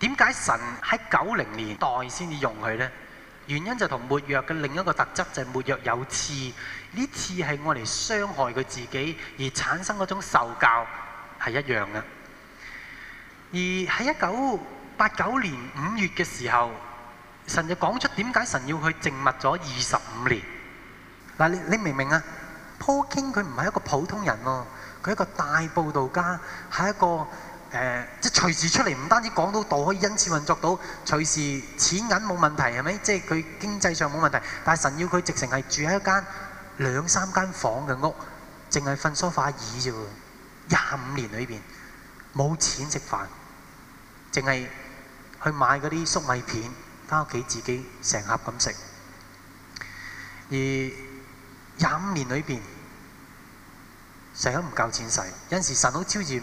點解神喺九零年代先至用佢咧？原因就同沒藥嘅另一個特質就係沒藥有刺，呢刺係愛嚟傷害佢自己而產生嗰種受教係一樣嘅。而喺一九八九年五月嘅時候，神就講出點解神要佢靜默咗二十五年。嗱，你你明唔明啊？Paul Cain 佢唔係一個普通人喎，哦，佢係一個大佈道家，係一個誒，即係隨時出嚟，唔單止講到道可以因此運作到，隨時錢銀冇問題係咪？即係佢經濟上冇問題，但係神要佢直情係住喺一間兩三間房嘅屋，淨係瞓梳化椅啫喎，廿五年裏邊冇錢食飯。淨係去買嗰啲粟米片，返屋企自己成盒咁食。而廿五年裏邊，成日都唔夠錢使，有時神都超自然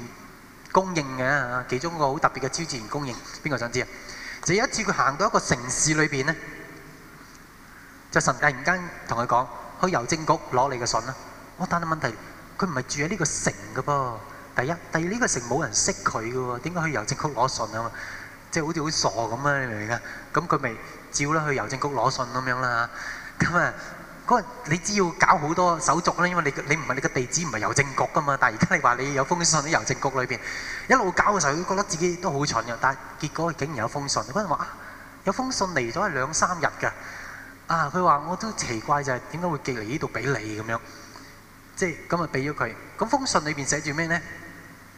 供應嘅，其中一個好特別嘅超自然供應，邊個想知啊？就有一次佢行到一個城市裏邊咧，就神突然間同佢講：去郵政局攞你嘅信啦！但係問題，佢唔係住喺呢個城嘅噃。第一，第二呢個城冇人識佢嘅喎，點解去郵政局攞信啊？即係好似好傻咁啊！你明唔明啊？咁佢咪照啦，去郵政局攞信咁樣啦。咁啊，嗰日你只要搞好多手續啦，因為你你唔係你個地址唔係郵政局嘅嘛。但係而家你話你有封信喺郵政局裏邊，一路搞嘅時候，佢覺得自己都好蠢嘅。但係結果竟然有封信，嗰陣話啊，有封信嚟咗兩三日嘅。啊，佢話，我都奇怪就係點解會寄嚟呢度俾你咁樣，即係咁啊俾咗佢。咁封信裏邊寫住咩呢？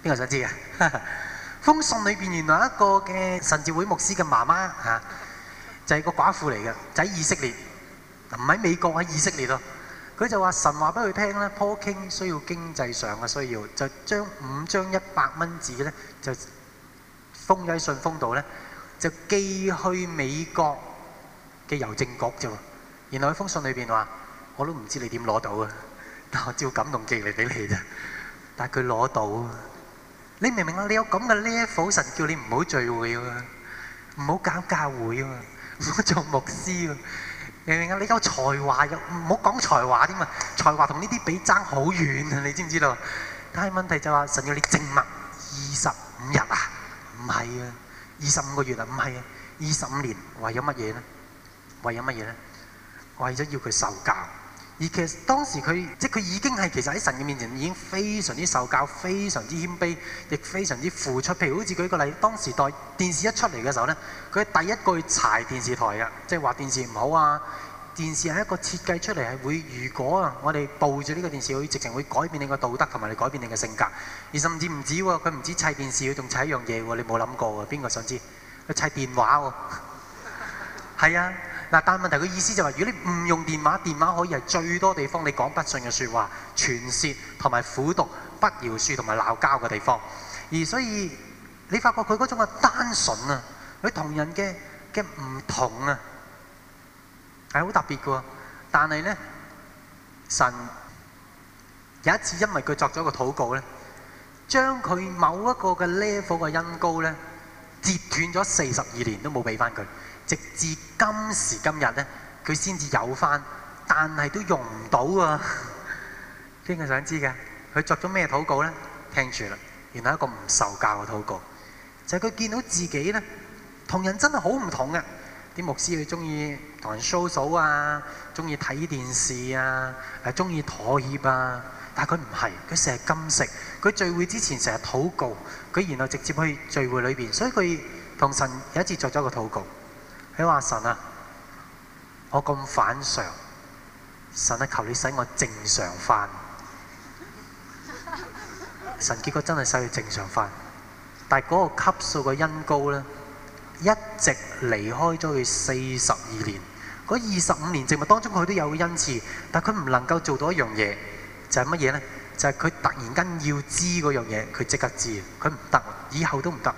邊個想知啊？封信裏邊原來一個嘅神召會牧師嘅媽媽吓，就係個寡婦嚟嘅，就喺以色列，唔喺美國，喺以色列咯。佢就話神話俾佢聽咧，Paul Cain 需要經濟上嘅需要，就將五張一百蚊紙咧就封咗喺信封度咧，就寄去美國嘅郵政局啫。原來喺封信裏邊話，我都唔知你點攞到啊，但係我照感動寄嚟俾你啫。但係佢攞到。你明唔明啊？你有咁嘅 level，神叫你唔好聚會啊，唔好搞教會啊，唔好做牧師啊？明唔明啊？你有才華嘅，唔好講才華添啊！才華同呢啲比爭好遠啊！你知唔知道？但係問題就話、是、神要你靜默二十五日啊？唔係啊，二十五個月啊？唔係啊，二十五年？為咗乜嘢呢？為咗乜嘢呢？為咗要佢受教。而其實當時佢即係佢已經係其實喺神嘅面前已經非常之受教，非常之謙卑，亦非常之付出。譬如好似舉個例，當時代電視一出嚟嘅時候呢，佢第一句柴電視台嘅，即係話電視唔好啊！電視係一個設計出嚟係會，如果啊，我哋煲住呢個電視，佢直情會改變你嘅道德同埋你改變你嘅性格。而甚至唔止喎，佢唔止砌電視，佢仲砌一樣嘢喎。你冇諗過㗎？邊個想知？佢砌電話喎，係啊。但係問題，佢意思就係：如果你唔用電話，電話可以係最多地方你講不信嘅説話、傳舌同埋苦毒不饒恕同埋鬧交嘅地方。而所以你發覺佢嗰種嘅單純啊，佢同人嘅嘅唔同啊，係好特別嘅。但係咧，神有一次因為佢作咗個禱告咧，將佢某一個嘅 level 嘅恩膏咧，截斷咗四十二年都冇俾翻佢。直至今時今日呢，佢先至有返，但係都用唔到啊！邊個想知嘅？佢作咗咩禱告呢？聽住啦。原來一個唔受教嘅禱告，就係佢見到自己呢，同人真係好唔同嘅。啲牧師佢鍾意同人 social 啊，鍾意睇電視啊，係鍾意妥協啊。但係佢唔係，佢成日禁食，佢聚會之前成日禱告，佢然後直接去聚會裏邊。所以佢同神有一次作咗個禱告。你話神啊，我咁反常，神啊求你使我正常翻。 神結果真係使佢正常翻，但係嗰個級數個恩膏咧，一直離開咗佢四十二年。嗰二十五年植物當中佢都有恩賜，但佢唔能夠做到一樣嘢，就係乜嘢咧？就係、是、佢突然間要知嗰樣嘢，佢即刻知，佢唔得，以後都唔得。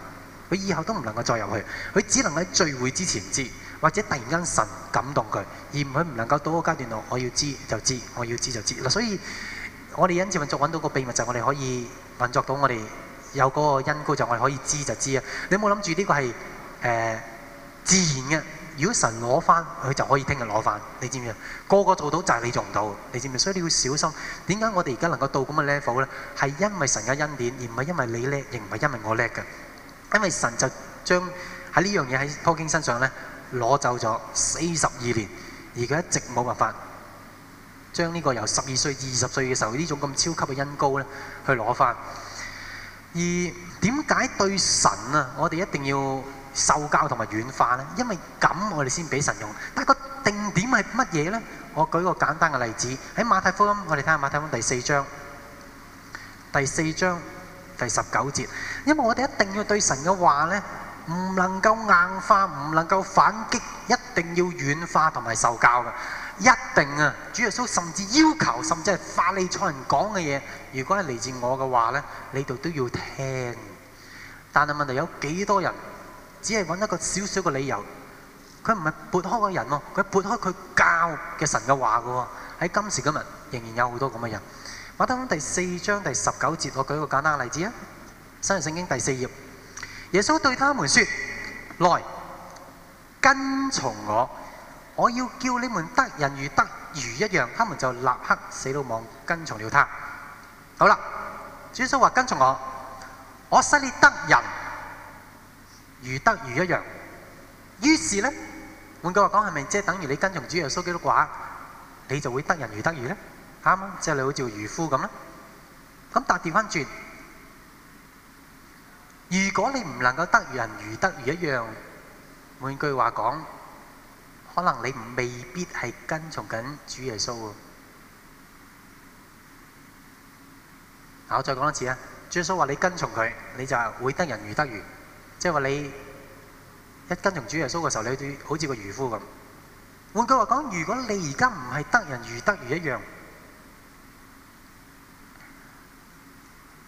佢以後都唔能夠再入去，佢只能喺聚會之前知，或者突然間神感動佢，而唔係唔能夠到嗰階段度，我要知就知，我要知就知。嗱，所以我哋因此運作揾到個秘密就係我哋可以運作到我哋有嗰個恩膏就我哋可以知就知啊！你有冇諗住呢個係誒自然嘅？如果神攞翻佢就可以聽日攞翻，你知唔知啊？個個做到就係你做唔到，你知唔知？所以你要小心。點解我哋而家能夠到咁嘅 level 咧？係因為神嘅恩典，而唔係因為你叻，亦唔係因為我叻嘅。因為神就將喺呢樣嘢喺 Paul Cain 身上咧攞走咗四十二年，而佢一直冇辦法將呢個由十二歲、二十歲嘅時候呢種咁超級嘅恩膏咧去攞返。而點解對神啊，我哋一定要受教同埋軟化咧？因為咁我哋先俾神用。但係個定點係乜嘢咧？我舉個簡單嘅例子喺馬太福音，我哋睇下馬太福音第四章，第四章。第十九節，因為我哋一定要對神嘅話呢，唔能夠硬化，唔能夠反擊，一定要軟化同埋受教嘅。一定啊，主耶穌甚至要求，甚至係法利賽人講嘅嘢，如果係嚟自我嘅話呢，你哋都要聽。但係問題有幾多人，只係揾一個少少嘅理由，佢唔係撥開個人喎，佢撥開佢教嘅神嘅話嘅喎。喺今時今日，仍然有好多咁嘅人。我太第四章第十九節，我舉一個簡單嘅例子啊，《新約聖經》第四頁，耶穌對他們説：來跟從我，我要叫你們得人如得魚一樣。他們就立刻死到網跟從了他。好啦，主耶穌話跟從我，我使你得人如得魚一樣。於是呢，換句話講，係咪即係等於你跟從主耶穌基督嘅話，你就會得人如得魚咧？啱，即係你好似個漁夫咁啦。咁但係調返轉，如果你唔能夠得人如得魚一樣，換句話講，可能你未必係跟從緊主耶穌。啊，我再講多次啊！耶穌話你跟從佢，你就會得人如得魚。即係話你一跟從主耶穌嘅時候，你就好似個漁夫咁。換句話講，如果你而家唔係得人如得魚一樣。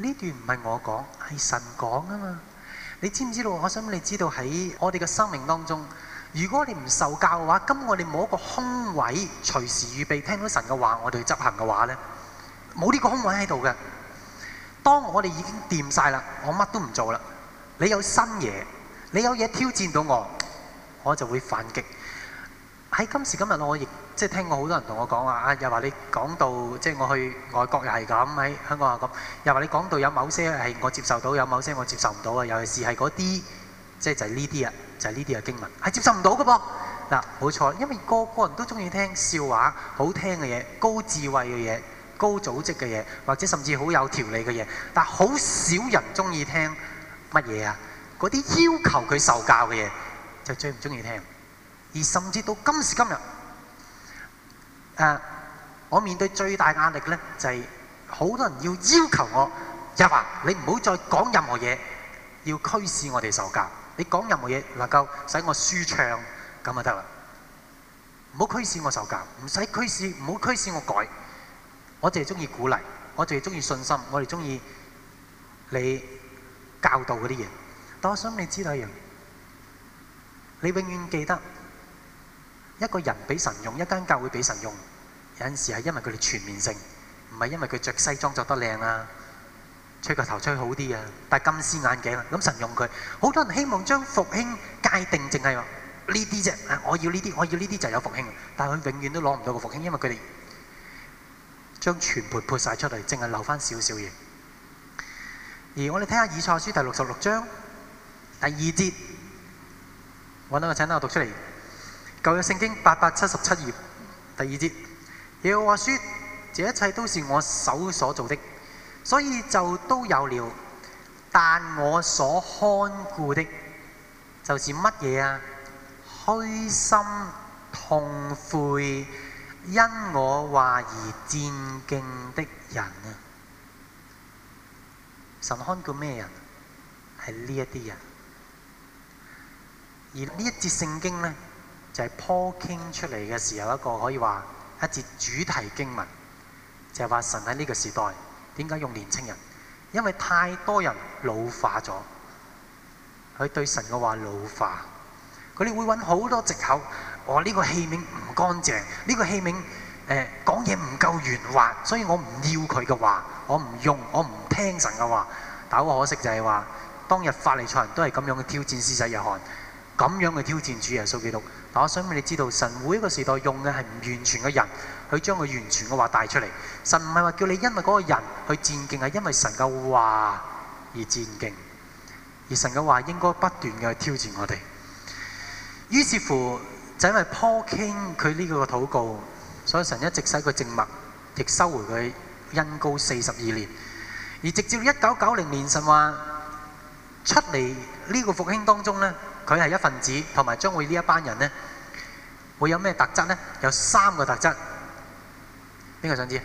呢段唔係我講，係神講啊嘛！你知唔知道？我想你知道，喺我哋嘅生命當中，如果你唔受教嘅話，噉我哋冇一個空位隨時預備聽到神嘅話，我哋去執行嘅話呢，冇呢個空位喺度嘅。當我哋已經掂晒啦，我乜都唔做啦。你有新嘢，你有嘢挑戰到我，我就會反擊。喺今時今日，我亦即係聽過好多人同我講話啊，又話你講到即係我去外國又係咁，喺香港又咁，又話你講到有某些係我接受到，有某些我接受唔到啊。尤其是係嗰啲，即係就係呢啲啊，就係呢啲嘅經文係接受唔到嘅噃。嗱，冇錯，因為個個人都中意聽笑話、好聽嘅嘢、高智慧嘅嘢、高組織嘅嘢，或者甚至好有條理嘅嘢，但好少人中意聽乜嘢啊？嗰啲要求佢受教嘅嘢就最唔中意聽。而甚至到今時今日，誒、呃，我面對最大壓力咧，就係、是、好多人要要求我，日華，你唔好再講任何嘢，要驅使我哋受教。你講任何嘢能夠使我舒暢，咁就得啦。唔好驅使我受教，唔使驅使，唔好驅使我改。我淨係中意鼓勵，我淨係中意信心，我哋中意你教導嗰啲嘢。但我想你知道一樣嘢，你永遠記得。一個人俾神用，一間教會俾神用，有陣時係因為佢哋全面性，唔係因為佢著西裝著得靚啊，吹個頭吹好啲啊，戴金絲眼鏡啊，咁神用佢。好多人希望將復興界定，淨係話呢啲啫，我要呢啲，我要呢啲就有復興。但係佢永遠都攞唔到個復興，因為佢哋將全盤潑晒出嚟，淨係留翻少少嘢。而我哋睇下以賽書第六十六章第二節，揾到個請單，我讀出嚟。舊約聖經八百七十七頁第二節，耶和華話說：這一切都是我手所做的，所以就都有了。但我所看顧的，就是乜嘢啊？虛心痛悔因我話而戰兢的人啊！神看顧咩人？係呢一啲人。而呢一節聖經呢。就係 Paul Cain 出嚟嘅時候，一個可以話一節主題經文，就係、是、話神喺呢個時代點解用年青人？因為太多人老化咗，佢對神嘅話老化，佢哋會揾好多藉口。我、哦、呢、呢個器皿唔乾淨，呢、呢個器皿誒講嘢唔夠圓滑，所以我唔要佢嘅話，我唔用，我唔聽神嘅話。但好可惜就係話，當日法利賽人都係咁樣嘅挑戰施洗約翰。咁樣去挑戰主耶穌基督，但係我想俾你知道，神每一個時代用嘅係唔完全嘅人，去將佢完全嘅話帶出嚟。神唔係話叫你因為嗰個人去戰兢，係因為神嘅話而戰兢。而神嘅話應該不斷嘅去挑戰我哋。於是乎，就因為 Paul Cain 佢呢個嘅禱告，所以神一直使佢靜默，亦收回佢恩膏四十二年。而直至一九九零年，神話出嚟呢個復興當中咧。佢係一份子，同埋將會呢一班人咧，會有咩特質咧？有三個特質。邊個想知？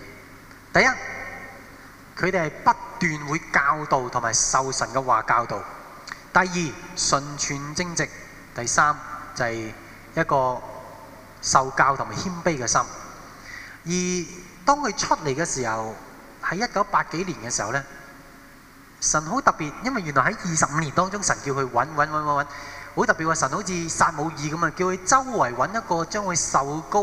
第一，佢哋係不斷會教導同埋受神嘅話教導。第二，純全正直。第三就係一個受教同埋謙卑嘅心。而當佢出嚟嘅時候，喺一九八幾年嘅時候咧，神好特別，因為原來喺二十五年當中，神叫佢揾揾揾揾揾。好特別喎！神好似撒母耳咁啊，叫佢周圍揾一個將會受膏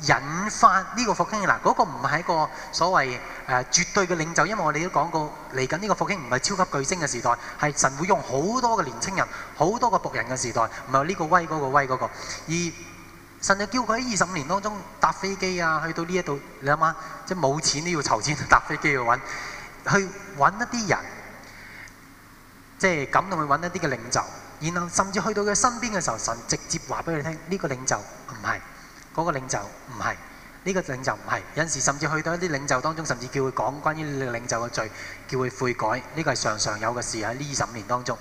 引發呢個復興嗱，嗰、那個唔係一個所謂誒、呃、絕對嘅領袖，因為我哋都講過，嚟緊呢個復興唔係超級巨星嘅時代，係神會用好多嘅年青人、好多個僕人嘅時代，唔係呢個威嗰、那個威嗰、那個。而神就叫佢喺二十五年當中搭飛機啊，去到呢一度，你諗下，即係冇錢都要籌錢搭飛機去揾，去揾一啲人，即係感動去揾一啲嘅領袖。然後甚至去到佢身邊嘅時候，神直接話俾佢聽：呢個領袖唔係，嗰個領袖唔係，呢個領袖唔係。有時甚至去到一啲領袖當中，甚至叫佢講關於領袖嘅罪，叫佢悔改。呢個係常常有嘅事喺呢二十五年當中。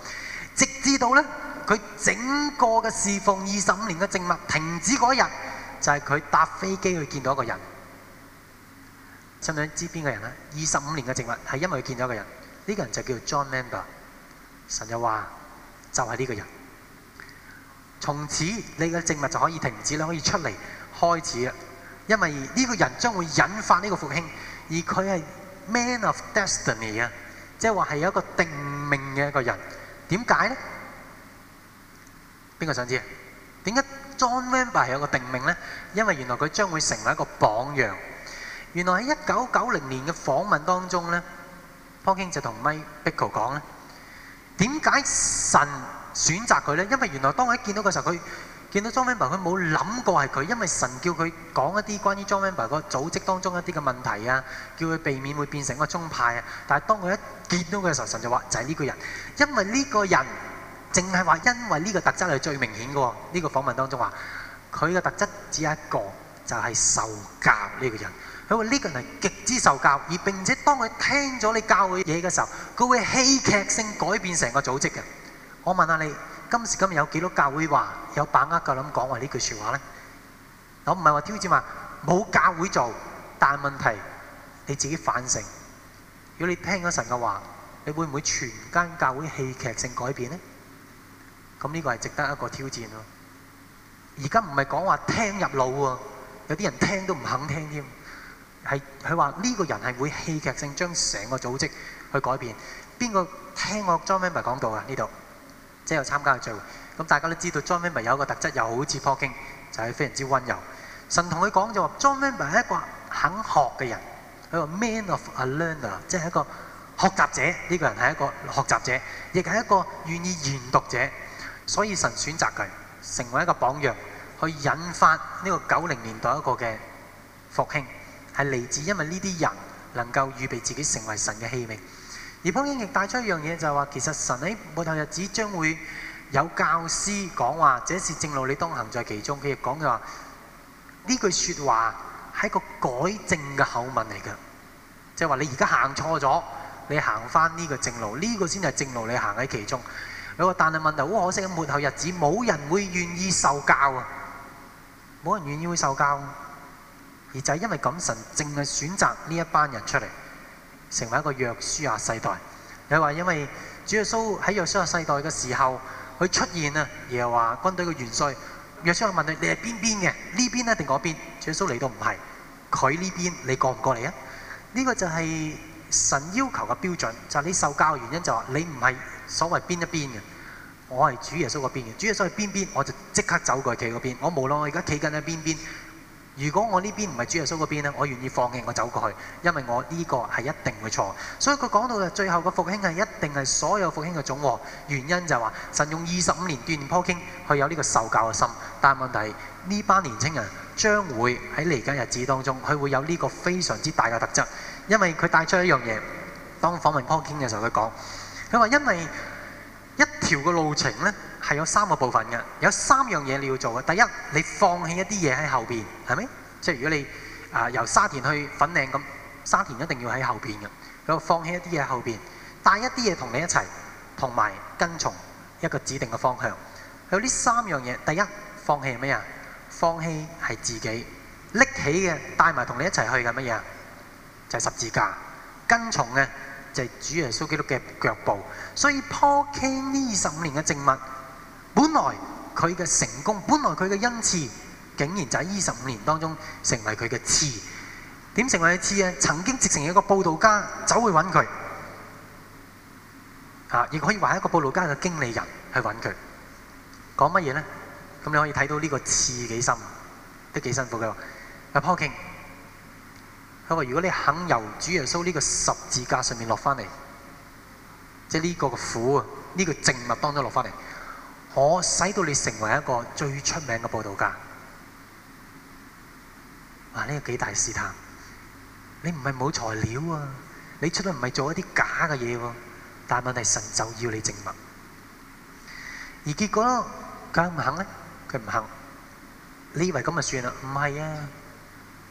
直至到呢，佢整個嘅侍奉二十五年嘅證物停止嗰日，就係佢搭飛機去見到一個人。想唔想知邊個人呢？二十五年嘅證物係因為佢見到一個人，呢個人就叫做 John Wimber。神就話。就係呢個人，從此你嘅植物就可以停止啦，可以出嚟開始啊！因為呢個人將會引發呢個復興，而佢係 Man of Destiny 啊，即係話係有一個定命嘅一個人。點解咧？邊個想知？點解 John Wimber 係有個定命咧？因為原來佢將會成為一個榜樣。原來喺一九九零年嘅訪問當中咧，方興就同 Mike Bickle 講咧。點解神選擇佢呢？因為原來當我一見到嘅時候，佢見到 John Wimber，佢冇諗過係佢，因為神叫佢講一啲關於 John Wimber 個組織當中一啲嘅問題啊，叫佢避免會變成一個宗派啊。但係當佢一見到佢嘅時候，神就話就係呢個人，因為呢個人淨係話因為呢個特質係最明顯嘅喎。呢、這個訪問當中話，佢嘅特質只有一個，就係受教呢個人。佢話呢個人係極之受教，而並且當佢聽咗你教嘅嘢嘅時候，佢會戲劇性改變成個組織嘅。我問下你，今時今日有幾多教會話有把握夠膽講話呢句説話咧？我唔係話挑戰話，冇教會做，但問題你自己反省。如果你聽咗神嘅話，你會唔會全間教會戲劇性改變咧？咁呢個係值得一個挑戰咯。而家唔係講話聽入腦喎，有啲人聽都唔肯聽添。係佢話呢個人係會戲劇性將成個組織去改變。邊個聽我 John Member 講到啊？呢度即係有參加嘅聚會。咁大家都知道 John Member 有一個特質，又好似 Paul Cain，就係非常之溫柔。神同佢講就話：John Member 係一個肯學嘅人，佢話 Man of a Learner，即係一個學習者。呢個人係一個學習者，亦係一個願意研讀者。所以神選擇佢成為一個榜樣，去引發呢個九零年代一個嘅復興。係嚟自因為呢啲人能夠預備自己成為神嘅器皿。而 Paul Cain 亦帶出一樣嘢，就係話其實神喺末後日子將會有教師講話，這是正路，你當行在其中。佢亦講嘅話，呢句説話係個改正嘅口吻嚟嘅，即係話你而家行錯咗，你行返呢個正路，呢個先係正路，你行喺其中。佢話但係問題好可惜，末後日子冇人會願意受教啊！冇人願意會受教。而就係因為咁，神淨係選擇呢一班人出嚟，成為一個約書亞世代。又話因為主耶穌喺約書亞世代嘅時候，佢出現啊，而話軍隊嘅元帥約書亞問佢：你係邊邊嘅？呢邊呢？定嗰邊？主耶穌嚟到唔係佢呢邊，你過唔過嚟啊？呢、這個就係神要求嘅標準。就係、是、你受教嘅原因，就話你唔係所謂邊一邊嘅，我係主耶穌嗰邊嘅。主耶穌係邊邊，我就即刻走過去企嗰邊。我無論我而家企緊喺邊邊。如果我呢邊唔係主耶穌嗰邊咧，我願意放棄，我走過去，因為我呢個係一定會錯。所以佢講到嘅最後個復興係一定係所有復興嘅種和。原因就係話神用二十五年鍛鍊坡 k i 有呢個受教嘅心，但係問題係呢班年青人將會喺嚟緊日子當中，佢會有呢個非常之大嘅特質，因為佢帶出一樣嘢。當訪問坡 k 嘅時候，佢講：，佢話因為。一條個路程呢，係有三個部分嘅，有三樣嘢你要做嘅。第一，你放棄一啲嘢喺後邊，係咪？即係如果你啊、呃、由沙田去粉嶺咁，沙田一定要喺後邊嘅，佢放棄一啲嘢喺後邊，帶一啲嘢同你一齊，同埋跟從一個指定嘅方向。有呢三樣嘢，第一，放棄係咩啊？放棄係自己拎起嘅，帶埋同你一齊去嘅乜嘢？就係、十字架跟從嘅。就係主耶穌基督嘅腳步，所以 Paul Cain 呢二十五年嘅靜默，本來佢嘅成功，本來佢嘅恩賜，竟然就喺二十五年當中成為佢嘅刺。點成為佢嘅刺啊？曾經直成一個佈道家走去揾佢，啊，亦可以話一個佈道家嘅經理人去揾佢，講乜嘢咧？咁你可以睇到呢個刺幾深，都幾辛苦嘅。阿 Paul Cain。佢話：如果你肯由主耶穌呢個十字架上面落翻嚟，即係呢個嘅苦啊，呢個淨物當中落翻嚟，我使到你成為一個最出名嘅佈道家。嗱，呢個幾大試探。你唔係冇材料啊，你出嚟唔係做一啲假嘅嘢喎，但係問題神就要你淨物。而結果佢肯唔肯咧？佢唔肯。你以為咁就算啦？唔係啊！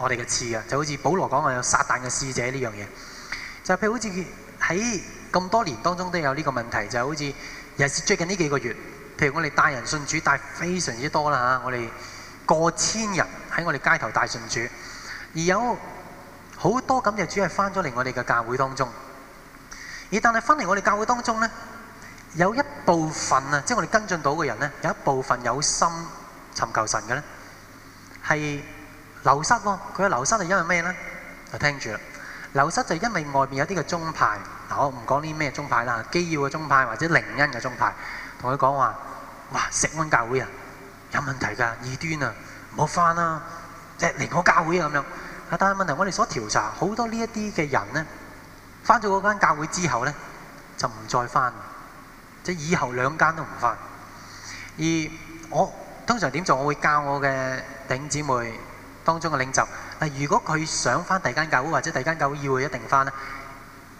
我哋嘅刺啊，就好似保羅講話，有撒旦嘅使者呢樣嘢。就是、譬如好似喺咁多年當中都有呢個問題，就好、是、似尤其是最近呢幾個月，譬如我哋帶人信主帶非常之多啦嚇，我哋過千人喺我哋街頭帶信主，而有好多咁嘅主係翻咗嚟我哋嘅教會當中。而但係翻嚟我哋教會當中咧，有一部分啊，即、就、係、是、我哋跟進到嘅人咧，有一部分有心尋求神嘅咧，係。流失喎，佢嘅流失係因為咩呢？就聽住啦。流失就因為外面有啲嘅宗派嗱，我唔講啲咩宗派啦，基要嘅宗派或者靈恩嘅宗派，同佢講話，哇錫安教會啊，有問題㗎，異端啊，唔好翻啦、啊，即係嚟我教會咁、啊、樣。但係問題，我哋所調查好多呢一啲嘅人咧，翻咗嗰間教會之後咧，就唔再翻，即係以後兩間都唔翻。而我通常點做？我會教我嘅頂姊妹。當中嘅領袖，嗱，如果佢想返第二間教會或者第二間教會要佢一定返呢，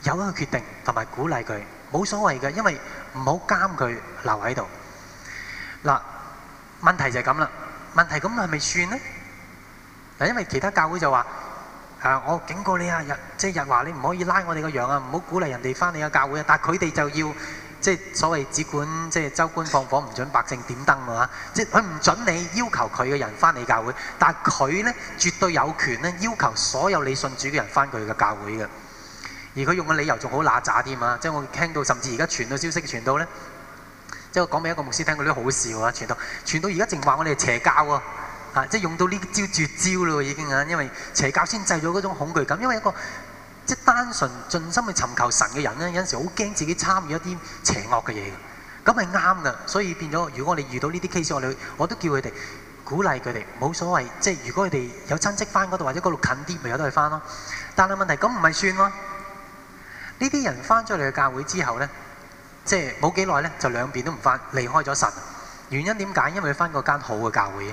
有個決定同埋鼓勵佢，冇所謂嘅，因為唔好監佢留喺度。嗱，問題就係咁啦，問題咁係咪算呢？嗱，因為其他教會就話，誒，我警告你啊，即係日話你唔可以拉我哋個羊啊，唔好鼓勵人哋返你嘅教會啊，但係佢哋就要。即係所謂只管即係州官放火，唔准百姓點燈啊！即係佢唔准你要求佢嘅人翻你教會，但係佢咧絕對有權咧要求所有你信主嘅人翻佢嘅教會嘅。而佢用嘅理由仲好揦鮓添啊！即係我聽到，甚至而家傳到消息傳到咧，即係我講俾一個牧師聽過，嗰啲好笑啊，傳到傳到，而家淨話我哋邪教啊！啊，即係用到呢招絕招咯，已經啊，因為邪教先製咗嗰種恐懼感，因為一個。即係單純盡心去尋求神嘅人咧，有陣時好驚自己參與一啲邪惡嘅嘢，咁係啱嘅。所以變咗，如果我哋遇到呢啲 case，我哋我都叫佢哋鼓勵佢哋，冇所謂。即係如果佢哋有親戚翻嗰度，或者嗰度近啲，咪由得佢翻咯。但係問題咁唔係算咯，呢啲人翻咗嚟嘅教會之後呢，即係冇幾耐呢，就兩邊都唔翻，離開咗神。原因點解？因為佢翻個間好嘅教會。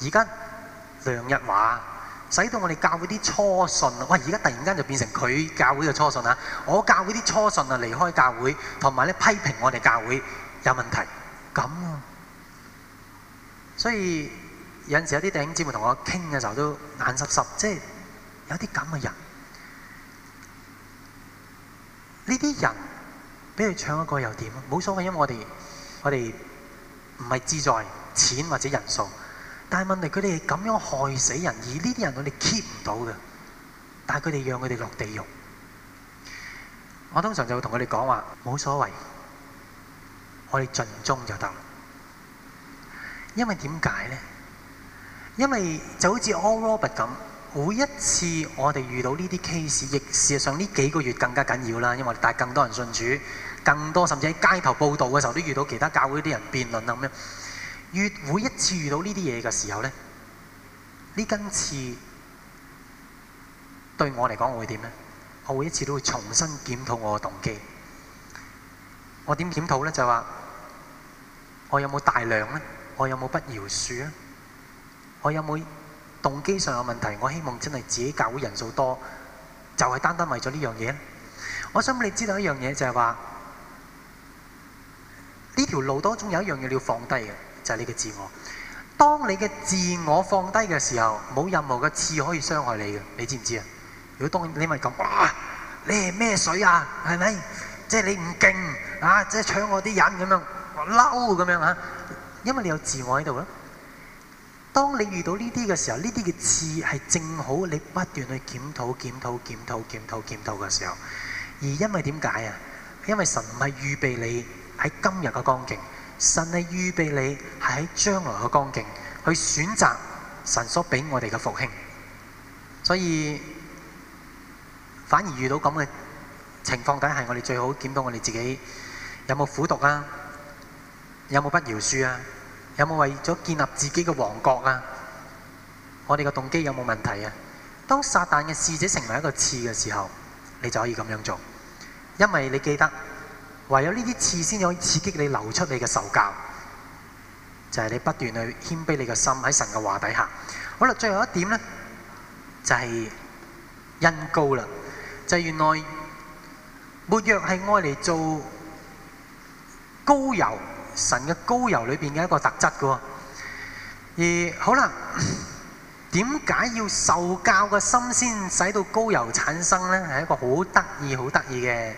而家梁日華使到我哋教會啲初信，喂！而家突然間就變成佢教會嘅初信啦。我教會啲初信啊，離開教會，同埋咧批評我哋教會有問題咁啊。所以有陣時有啲弟兄姊妹同我傾嘅時候都眼濕濕，即係有啲咁嘅人。呢啲人俾佢唱一個又點？冇所謂，因為我哋我哋唔係志在錢或者人數。但係問題，佢哋係咁樣害死人，而呢啲人我哋 keep 唔到嘅。但係佢哋讓佢哋落地獄。我通常就會同佢哋講話，冇所謂，我哋盡忠就得。因為點解呢？因為就好似 All Robert 咁，每一次我哋遇到呢啲 case，亦事實上呢幾個月更加緊要啦，因為帶更多人信主，更多甚至喺街頭報道嘅時候都遇到其他教會啲人辯論啊咁樣。越每一次遇到呢啲嘢嘅時候呢，呢根刺對我嚟講，我會點咧？我每一次都會重新檢討我嘅動機。我點檢討呢？就係話，我有冇大量呢？我有冇不饒恕呢？我有冇動機上有問題？我希望真係自己教會人數多，就係單單為咗呢樣嘢。我想你知道一樣嘢，就係話呢條路當中有一樣嘢要放低嘅。就係你嘅自我。當你嘅自我放低嘅時候，冇任何嘅刺可以傷害你嘅，你知唔知啊？如果當你咪咁，哇，你係咩水啊？係咪？即係你唔勁啊！即係搶我啲人咁樣，我嬲咁樣啊！因為你有自我喺度咯。當你遇到呢啲嘅時候，呢啲嘅刺係正好你不斷去檢討、檢討、檢討、檢討、檢討嘅時候。而因為點解啊？因為神唔係預備你喺今日嘅光景。神係預備你喺將來嘅光景，去選擇神所畀我哋嘅復興，所以反而遇到咁嘅情況下，底下我哋最好檢討我哋自己有冇苦毒啊，有冇不饒恕啊，有冇為咗建立自己嘅王國啊？我哋嘅動機有冇問題啊？當撒旦嘅使者成為一個刺嘅時候，你就可以咁樣做，因為你記得。唯有呢啲刺先至可以刺激你流出你嘅受教，就係、是、你不斷去謙卑你嘅心喺神嘅話底下。好啦，最後一點咧就係、是、恩膏啦，就係、是、原來沒藥係愛嚟做膏油，神嘅膏油裏邊嘅一個特質噶。而好啦，點解要受教個心先使到膏油產生咧？係一個好得意、好得意嘅。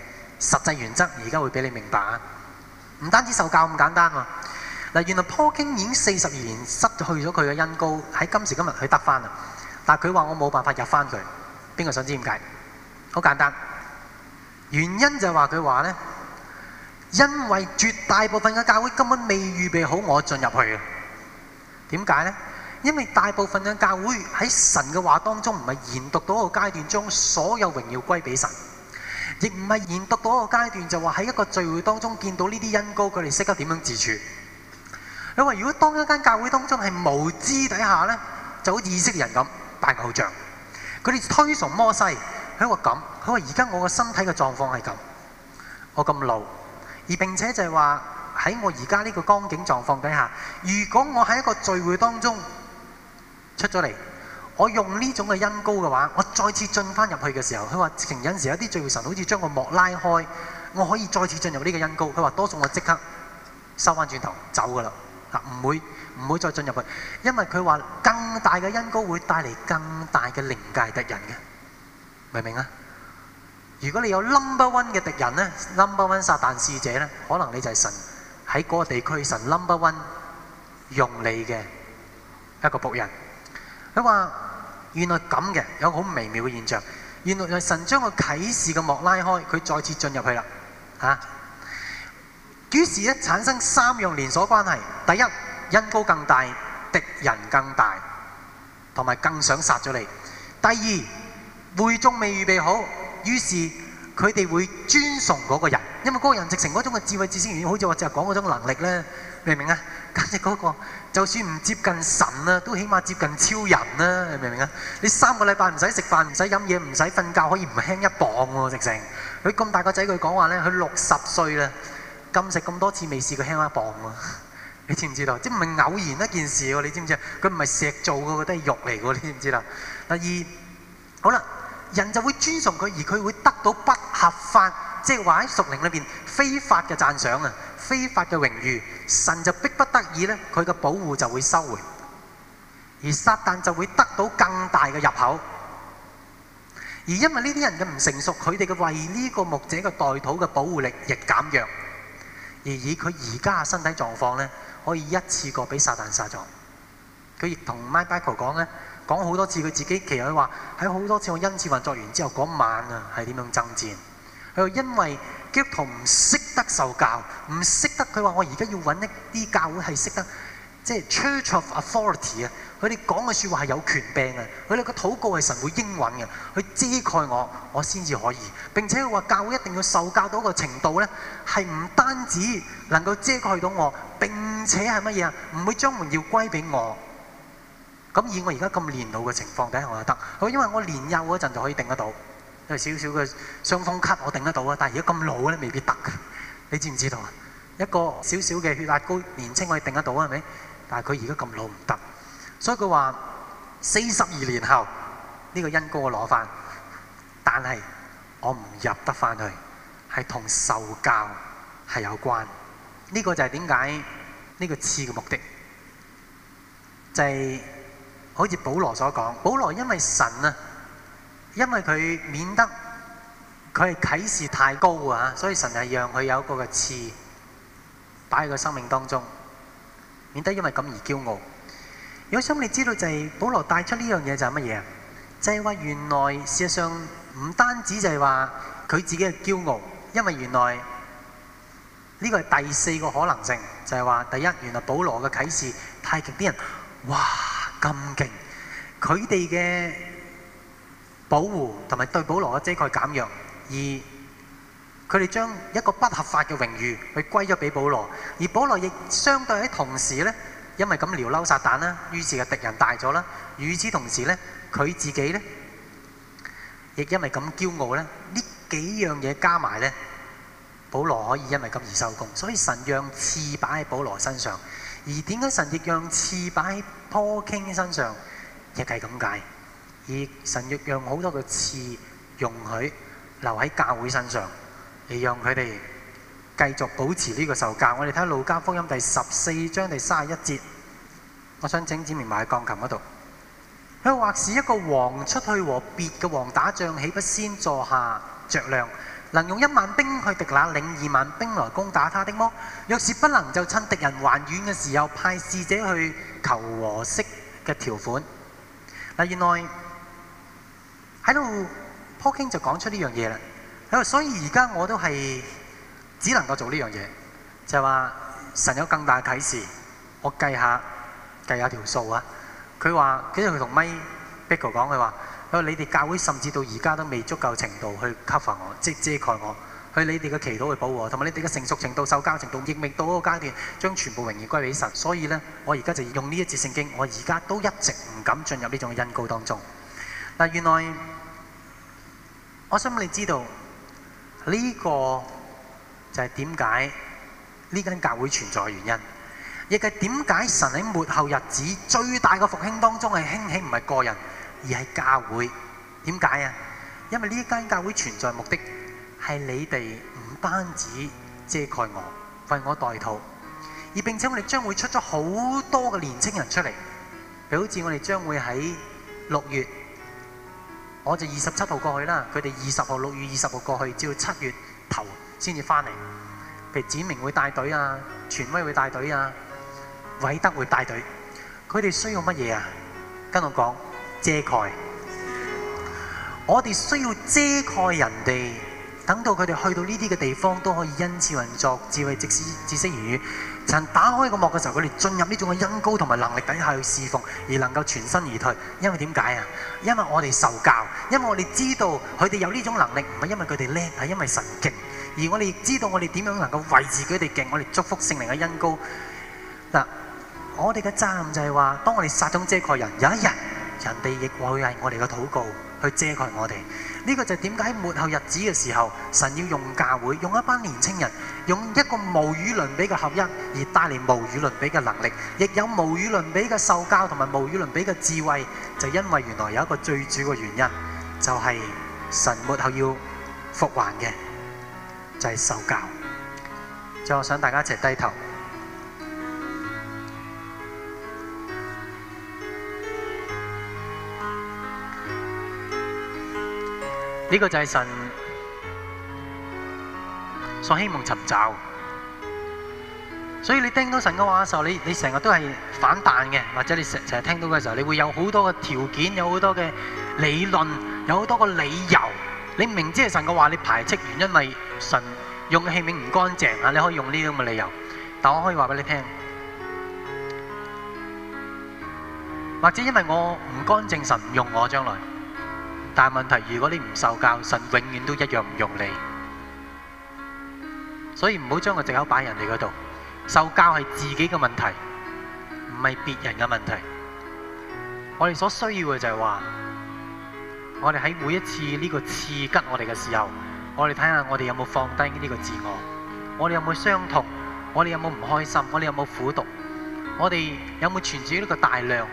實際原則而家會俾你明白啊！唔單止受教咁簡單啊！嗱，原來 Paul Cain 已經四十二年失去咗佢嘅恩膏，喺今時今日佢得翻啦。但係佢話我冇辦法入翻佢，邊個想知點解？好簡單，原因就係話佢話呢：「因為絕大部分嘅教會根本未預備好我進入去嘅。」點解呢？因為大部分嘅教會喺神嘅話當中，唔係研讀到一個階段，將所有榮耀歸俾神。亦唔係研讀到一個階段，就話、是、喺一個聚會當中見到呢啲恩膏，佢哋識得點樣自處。佢話如果當一間教會當中係無知底下呢，就好意識人咁扮偶像，佢哋推崇摩西，喺個咁。佢話而家我個身體嘅狀況係咁，我咁老，而並且就係話喺我而家呢個光景狀況底下，如果我喺一個聚會當中出咗嚟。我用呢種嘅恩膏嘅話，我再次進翻入去嘅時候，佢話情隱時有啲聚會，神好似將個幕拉開，我可以再次進入呢個恩膏。佢話多數我即刻收翻轉頭走噶啦，嚇，唔會唔會再進入去，因為佢話更大嘅恩膏會帶嚟更大嘅靈界敵人嘅，明唔明啊？如果你有 number one 嘅敵人咧，number one 撒旦使者咧，可能你就係神喺嗰個地區神 number one 用你嘅一個僕人。佢話：原來咁嘅，有個好微妙嘅現象。原來，原來神將個啟示嘅幕拉開，佢再次進入去啦。嚇、啊！於是咧產生三樣連鎖關係：第一，恩膏更大，敵人更大，同埋更想殺咗你；第二，會眾未預備好，於是佢哋會尊崇嗰個人，因為嗰個人直情嗰種嘅智，智慧、智慧、智慧好似我就講嗰種能力咧。明唔明啊？即係嗰個。就算唔接近神啦，都起碼接近超人啦，你明唔明啊？你三個禮拜唔使食飯，唔使飲嘢，唔使瞓覺，可以唔輕一磅喎，直情。佢咁大個仔，佢講話咧，佢六十歲啦，禁食咁多次未試過輕一磅喎。你知唔知道？即唔係偶然一件事喎。你知唔知啊？佢唔係石做嘅，都係肉嚟嘅，你知唔知啦？第二，好啦，人就會尊崇佢，而佢會得到不合法，即係話喺屬靈裏邊非法嘅讚賞啊，非法嘅榮譽。神就迫不得已呢，佢嘅保護就會收回，而撒旦就會得到更大嘅入口。而因為呢啲人嘅唔成熟，佢哋嘅為呢個牧者嘅代禱嘅保護力亦減弱。而以佢而家嘅身體狀況呢，可以一次過俾撒旦殺咗。佢亦同 Michael 講咧，講好多次佢自己，其實佢話喺好多次我恩賜運作完之後嗰、那個、晚啊，係點樣爭戰？佢又因為。基督徒唔識得受教，唔識得，佢話我而家要揾一啲教會係識得，即係 Church of Authority 啊！佢哋講嘅説話係有權柄嘅，佢哋嘅禱告係神會應允嘅，去遮蓋我，我先至可以。並且佢話教會一定要受教到一個程度呢，係唔單止能夠遮蓋到我，並且係乜嘢啊？唔會將門要歸俾我。咁以我而家咁年老嘅情況底下，我就得，佢因為我年幼嗰陣就可以定得到。有少少嘅傷風咳，我頂得到啊！但係而家咁老咧，未必得。 你知唔知道啊？一個少少嘅血壓高，年青可以頂得到啊，係咪？但係佢而家咁老唔得。所以佢話：四十二年後，呢、這個恩膏我攞翻，但係我唔入得翻去，係同受教係有關。呢、這個就係點解呢個刺嘅目的，就係、是、好似保羅所講，保羅因為神啊。因為佢免得佢係啟示太高啊，所以神係讓佢有一個個刺擺喺佢生命當中，免得因為咁而驕傲。如果想你知道就係、是、保羅帶出呢樣嘢就係乜嘢啊？就係、是、話原來事實上唔單止就係話佢自己嘅驕傲，因為原來呢、這個係第四個可能性，就係、是、話第一，原來保羅嘅啟示太勁啲人，哇咁勁，佢哋嘅。保護同埋對保羅嘅遮蓋減弱，而佢哋將一個不合法嘅榮譽去歸咗畀保羅，而保羅亦相對喺同時呢，因為咁撩嬲撒旦啦，於是嘅敵人大咗啦。與此同時呢，佢自己呢，亦因為咁驕傲呢，呢幾樣嘢，加埋呢，保羅可以因為咁而收工，所以神讓刺擺喺保羅身上，而點解神亦讓刺擺喺 Paul Cain 身上，亦係咁解。以神亦讓好多個詞容許留喺教會身上，而讓佢哋繼續保持呢個受教。我哋睇下《路加福音》第十四章第三十一節，我想請字明埋喺鋼琴嗰度。佢話是一個王出去和別嘅王打仗，豈不先坐下酌量？能用一萬兵去敵那領二萬兵來攻打他的麼？若是不能，就趁敵人還遠嘅時候派使者去求和息嘅條款。嗱，原來。喺度 Paul Cain 就講出呢樣嘢啦。所以而家我都係只能夠做呢樣嘢，就係話神有更大嘅啟示，我計下計下條數啊。佢話，因為佢同 Mike Bickle 講，佢話，因為你哋教會甚至到而家都未足夠程度去 cover 我，即遮蓋我，去你哋嘅祈禱去保護我，同埋你哋嘅成熟程度、受教程度、認明到嗰個階段，將全部榮譽歸俾神。所以呢，我而家就用呢一節聖經，我而家都一直唔敢進入呢種恩膏當中。嗱，原來。我想你知道呢個就係點解呢間教會存在嘅原因，亦係點解神喺末後日子最大嘅復興當中係興起，唔係個人，而係教會。點解啊？因為呢間教會存在的目的係你哋唔單止遮蓋我，為我代禱，而並且我哋將會出咗好多嘅年青人出嚟，好似我哋將會喺六月。我就二十七號過去啦，佢哋二十號六月二十號過去，至到七月頭先至翻嚟。譬如展明會帶隊啊，全威會帶隊啊，偉德會帶隊。佢哋需要乜嘢啊？跟我講遮蓋。我哋需要遮蓋人哋，等到佢哋去到呢啲嘅地方，都可以因此運作，智慧言語、知識言語。打開個幕嘅時候，佢哋進入呢種嘅恩膏同埋能力底下去侍奉，而能夠全身而退。因為點解啊？因為我哋受教，因為我哋知道佢哋有呢種能力，唔係因為佢哋叻，係因為神勁。而我哋亦知道我哋點樣能夠維持佢哋勁，我哋祝福聖靈嘅恩膏。嗱，我哋嘅責任就係話，當我哋殺中遮蓋人，有一日人哋亦會係我哋嘅禱告。去遮蓋我哋，呢個就係點解喺末後日子嘅時候，神要用教會，用一班年青人，用一個無與倫比嘅合一，而帶嚟無與倫比嘅能力，亦有無與倫比嘅受教同埋無與倫比嘅智慧，就因為原來有一個最主要嘅原因，就係神末後要復還嘅，就係受教。就我想大家一齊低頭。呢個就係神所希望尋找，所以你聽到神嘅話嘅時候，你你成日都係反彈嘅，或者你成成日聽到嘅時候，你會有好多嘅條件，有好多嘅理論，有好多嘅理由。你明知係神嘅話，你排斥完，原因係神用嘅器皿唔乾淨啊！你可以用呢啲咁嘅理由，但我可以話俾你聽，或者因為我唔乾淨，神唔用我，將來。但係問題，如果你唔受教，神永遠都一樣唔用你。所以唔好將個借口擺人哋嗰度，受教係自己嘅問題，唔係別人嘅問題。我哋所需要嘅就係話，我哋喺每一次呢個刺激我哋嘅時候，我哋睇下我哋有冇放低呢個自我，我哋有冇傷痛，我哋有冇唔開心，我哋有冇苦毒，我哋有冇存住呢個大量，呢、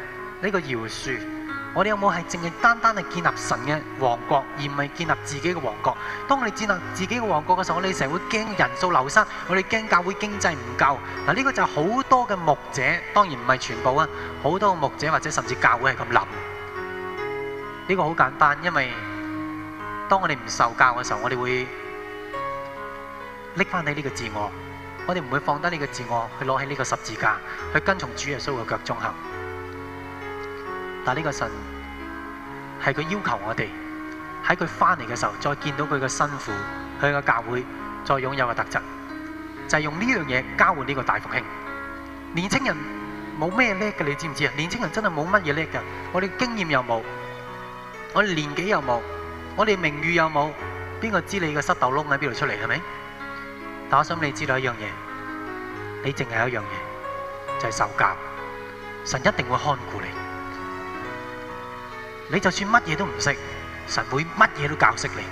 這個饒恕。我哋有冇係淨係單單係建立神嘅王國，而唔係建立自己嘅王國？當我哋建立自己嘅王國嘅時候，我哋成日會驚人數流失，我哋驚教會經濟唔夠。嗱，呢個就好多嘅牧者，當然唔係全部啊，好多嘅牧者或者甚至教會係咁諗。呢個好簡單，因為當我哋唔受教嘅時候，我哋會拎翻起呢個自我，我哋唔會放低呢個自我去攞起呢個十字架，去跟從主耶穌嘅腳蹤行。但呢個神係佢要求我哋喺佢翻嚟嘅時候，再見到佢嘅辛苦，佢個教會再擁有嘅特質，就係、是、用呢樣嘢交換呢個大復興。年輕人冇咩叻嘅，你知唔知啊？年輕人真係冇乜嘢叻嘅，我哋經驗又冇，我哋年紀又冇，我哋名譽又冇，邊個知你個塞豆窿喺邊度出嚟？係咪？但我想你知道一樣嘢，你淨係一樣嘢，就係、是、受教，神一定會看顧你。你就算乜嘢都唔識，神會乜嘢都教識你。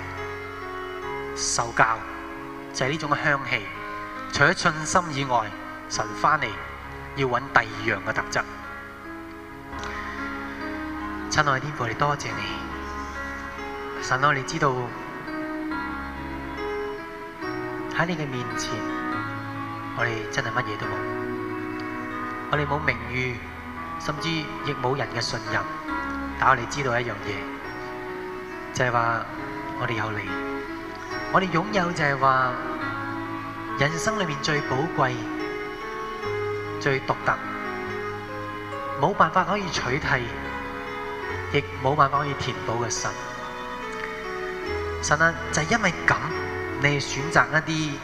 受教就係呢種嘅香氣。除咗信心以外，神翻嚟要揾第二樣嘅特質。親愛的天父，我哋多謝你。神愛，我哋知道喺你嘅面前，我哋真係乜嘢都冇，我哋冇名譽，甚至亦冇人嘅信任。但係我哋知道一樣嘢，就係話我哋有你，我哋擁有就係話人生裏面最寶貴、最獨特、冇辦法可以取替，亦冇辦法可以填補嘅神。神啊，就係因為咁，你哋選擇一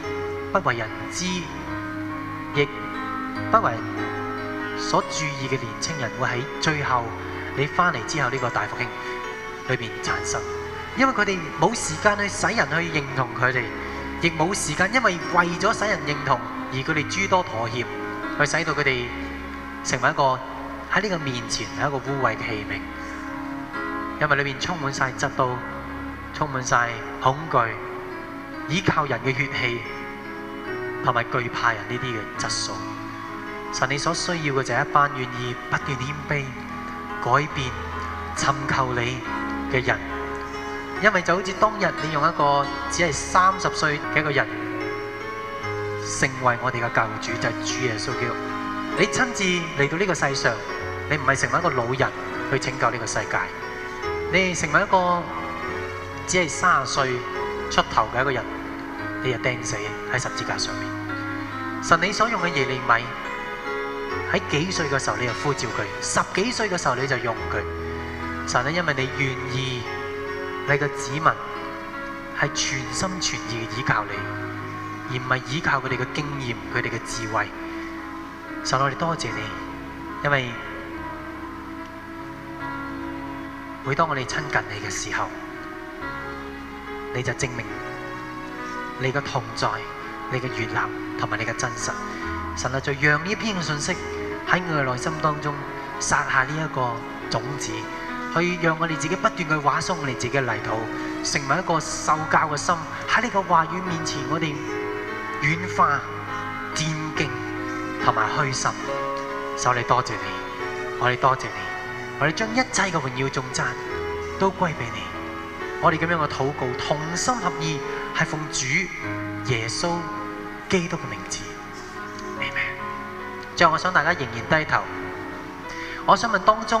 啲不為人知，亦不為所注意嘅年青人，會喺最後。你翻嚟之後，呢個大復興裏邊產生，因為佢哋冇時間去使人去認同佢哋，亦冇時間，因為為咗使人認同而佢哋諸多妥協，去使到佢哋成為一個喺呢個面前係一個污穢嘅器皿，因為裏邊充滿晒嫉妒，充滿晒恐懼，倚靠人嘅血氣同埋懼怕人呢啲嘅質素。神你所需要嘅就係一班願意不斷謙卑。改變尋求你嘅人，因為就好似當日你用一個只係三十歲嘅一個人成為我哋嘅救主，就係主耶穌叫你親自嚟到呢個世上，你唔係成為一個老人去拯救呢個世界，你係成為一個只係三十歲出頭嘅一個人，你就釘死喺十字架上面。神你所用嘅耶利米。喺幾歲嘅時候你就呼召佢，十幾歲嘅時候你就用佢。神呢，因為你願意，你嘅子民係全心全意嘅倚靠你，而唔係倚靠佢哋嘅經驗、佢哋嘅智慧。神，我哋多謝你，因為每當我哋親近你嘅時候，你就證明你嘅同在、你嘅悅納同埋你嘅真實。神呢，就讓呢篇嘅信息，喺我嘅內心當中，撒下呢一個種子，去讓我哋自己不斷去挖鬆我哋自己嘅泥土，成為一個受教嘅心。喺呢個話語面前，我哋軟化、虔敬同埋虛心。受你多謝你，我哋多謝你，我哋將一切嘅榮耀頌讚都歸俾你。我哋咁樣嘅禱告，同心合意，係奉主耶穌基督嘅名字。最後我想大家仍然低頭。我想問當中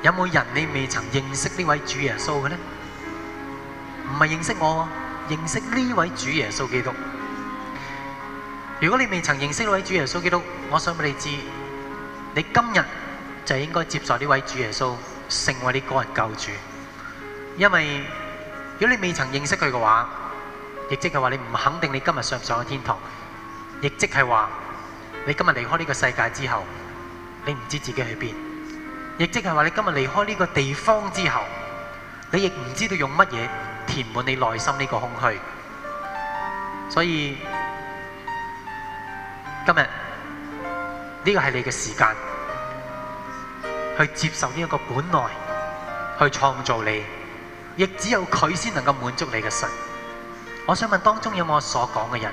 有冇人你未曾認識呢位主耶穌嘅呢？唔係認識我，認識呢位主耶穌基督。如果你未曾認識呢位主耶穌基督，我想俾你知，你今日就應該接受呢位主耶穌，成為你個人救主。因為如果你未曾認識佢嘅話，亦即係話你唔肯定你今日上唔上去天堂，亦即係話。你今日離開呢個世界之後，你唔知自己去邊，亦即係話你今日離開呢個地方之後，你亦唔知道用乜嘢填滿你內心呢個空虛。所以今日呢個係你嘅時間，去接受呢一個本來，去創造你，亦只有佢先能夠滿足你嘅神。我想問當中有冇我所講嘅人？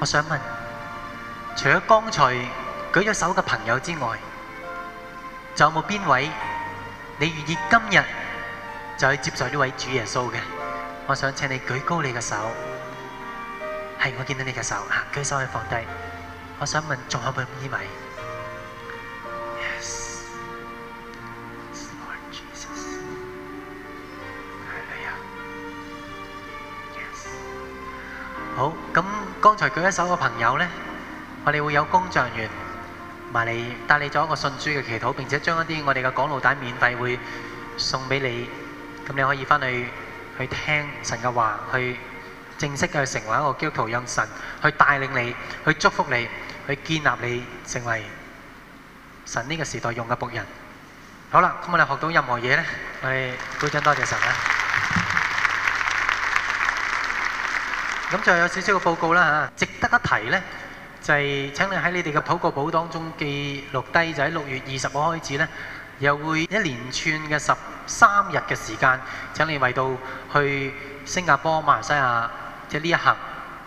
我想問，除咗剛才舉咗手嘅朋友之外，仲有冇邊位你願意今日就去接受呢位主耶穌嘅？我想請你舉高你嘅手，係我見到你嘅手，舉手可以放低。我想問仲有冇邊位？剛才舉一手嘅朋友咧，我哋會有工作人員埋嚟帶你做一個信主嘅祈禱，並且將一啲我哋嘅講道帶免費會送俾你，咁你可以返去去聽神嘅話，去正式去成為一個基督徒，讓神去帶領你，去祝福你，去建立你，成為神呢個時代用嘅僕人。好啦，咁我哋學到任何嘢咧，鼓掌多謝多謝神啊！咁就有少少嘅報告啦嚇，值得一提咧，就係請你喺你哋嘅禱告簿當中記錄低，就喺六月二十號開始咧，又會一連串嘅十三日嘅時間，請你為到去新加坡、馬來西亞，即係呢一行，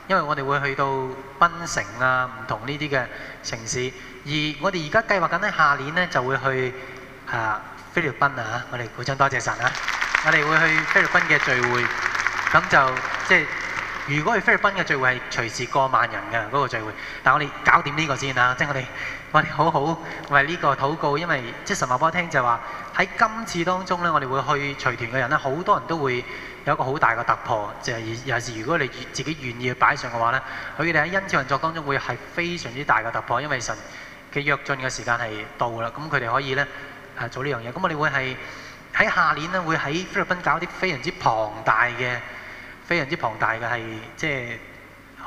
因為我哋會去到檳城啊，唔同呢啲嘅城市，而我哋而家計劃緊咧，下年咧就會去啊菲律賓啊，我哋鼓掌多謝神啊，我哋會去菲律賓嘅聚會，咁就即係。如果去菲律賓嘅聚會係隨時過萬人嘅嗰、那個聚會，但我哋搞掂呢個先啦，即係我哋我哋好好，為呢個禱告，因為即係神話我聽就話喺今次當中呢，我哋會去隨團嘅人呢，好多人都會有一個好大嘅突破，就係、是、尤其是如果你自己願意去擺上嘅話呢，佢哋喺恩賜運作當中會係非常之大嘅突破，因為神嘅躍進嘅時間係到啦，咁佢哋可以呢，啊、做呢樣嘢。咁我哋會係喺下年呢，會喺菲律賓搞啲非常之龐大嘅。非常之龐大嘅係，即係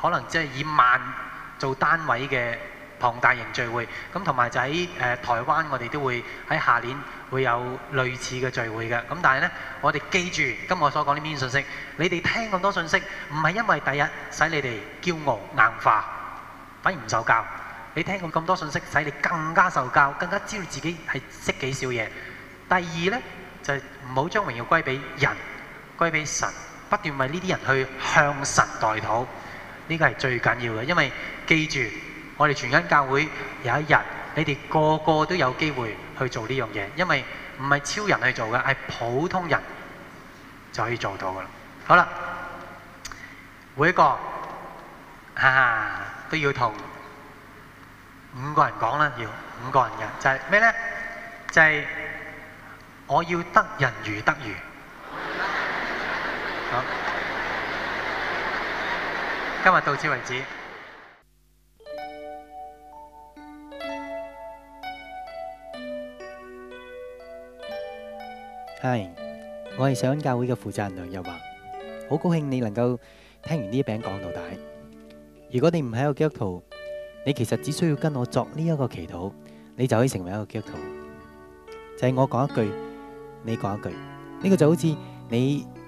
可能即係以萬做單位嘅龐大型聚會。咁同埋就喺誒台灣，我哋都會喺下年會有類似嘅聚會嘅。咁但係呢，我哋記住今日我所講呢邊信息，你哋聽咁多信息，唔係因為第一使你哋驕傲硬化，反而唔受教。你聽過咁多信息，使你更加受教，更加知道自己係識幾少嘢。第二呢就唔好將榮耀歸俾人，歸俾神。不斷為呢啲人去向神代禱，呢個係最緊要嘅，因為記住我哋全恩教會有一日，你哋個個都有機會去做呢樣嘢，因為唔係超人去做嘅，係普通人就可以做到嘅啦。好啦，每一個啊都要同五個人講啦，要五個人嘅，就係咩呢？就係我要得人如得魚。好，今日到此為止。係，我係聖恩教會嘅負責人梁日華，好高興你能夠聽完呢一餅講道帶。如果你唔係一個基督徒，你其實只需要跟我作呢一個祈禱，你就可以成為一個基督徒。就係我講一句，你講一句，呢個就好似你。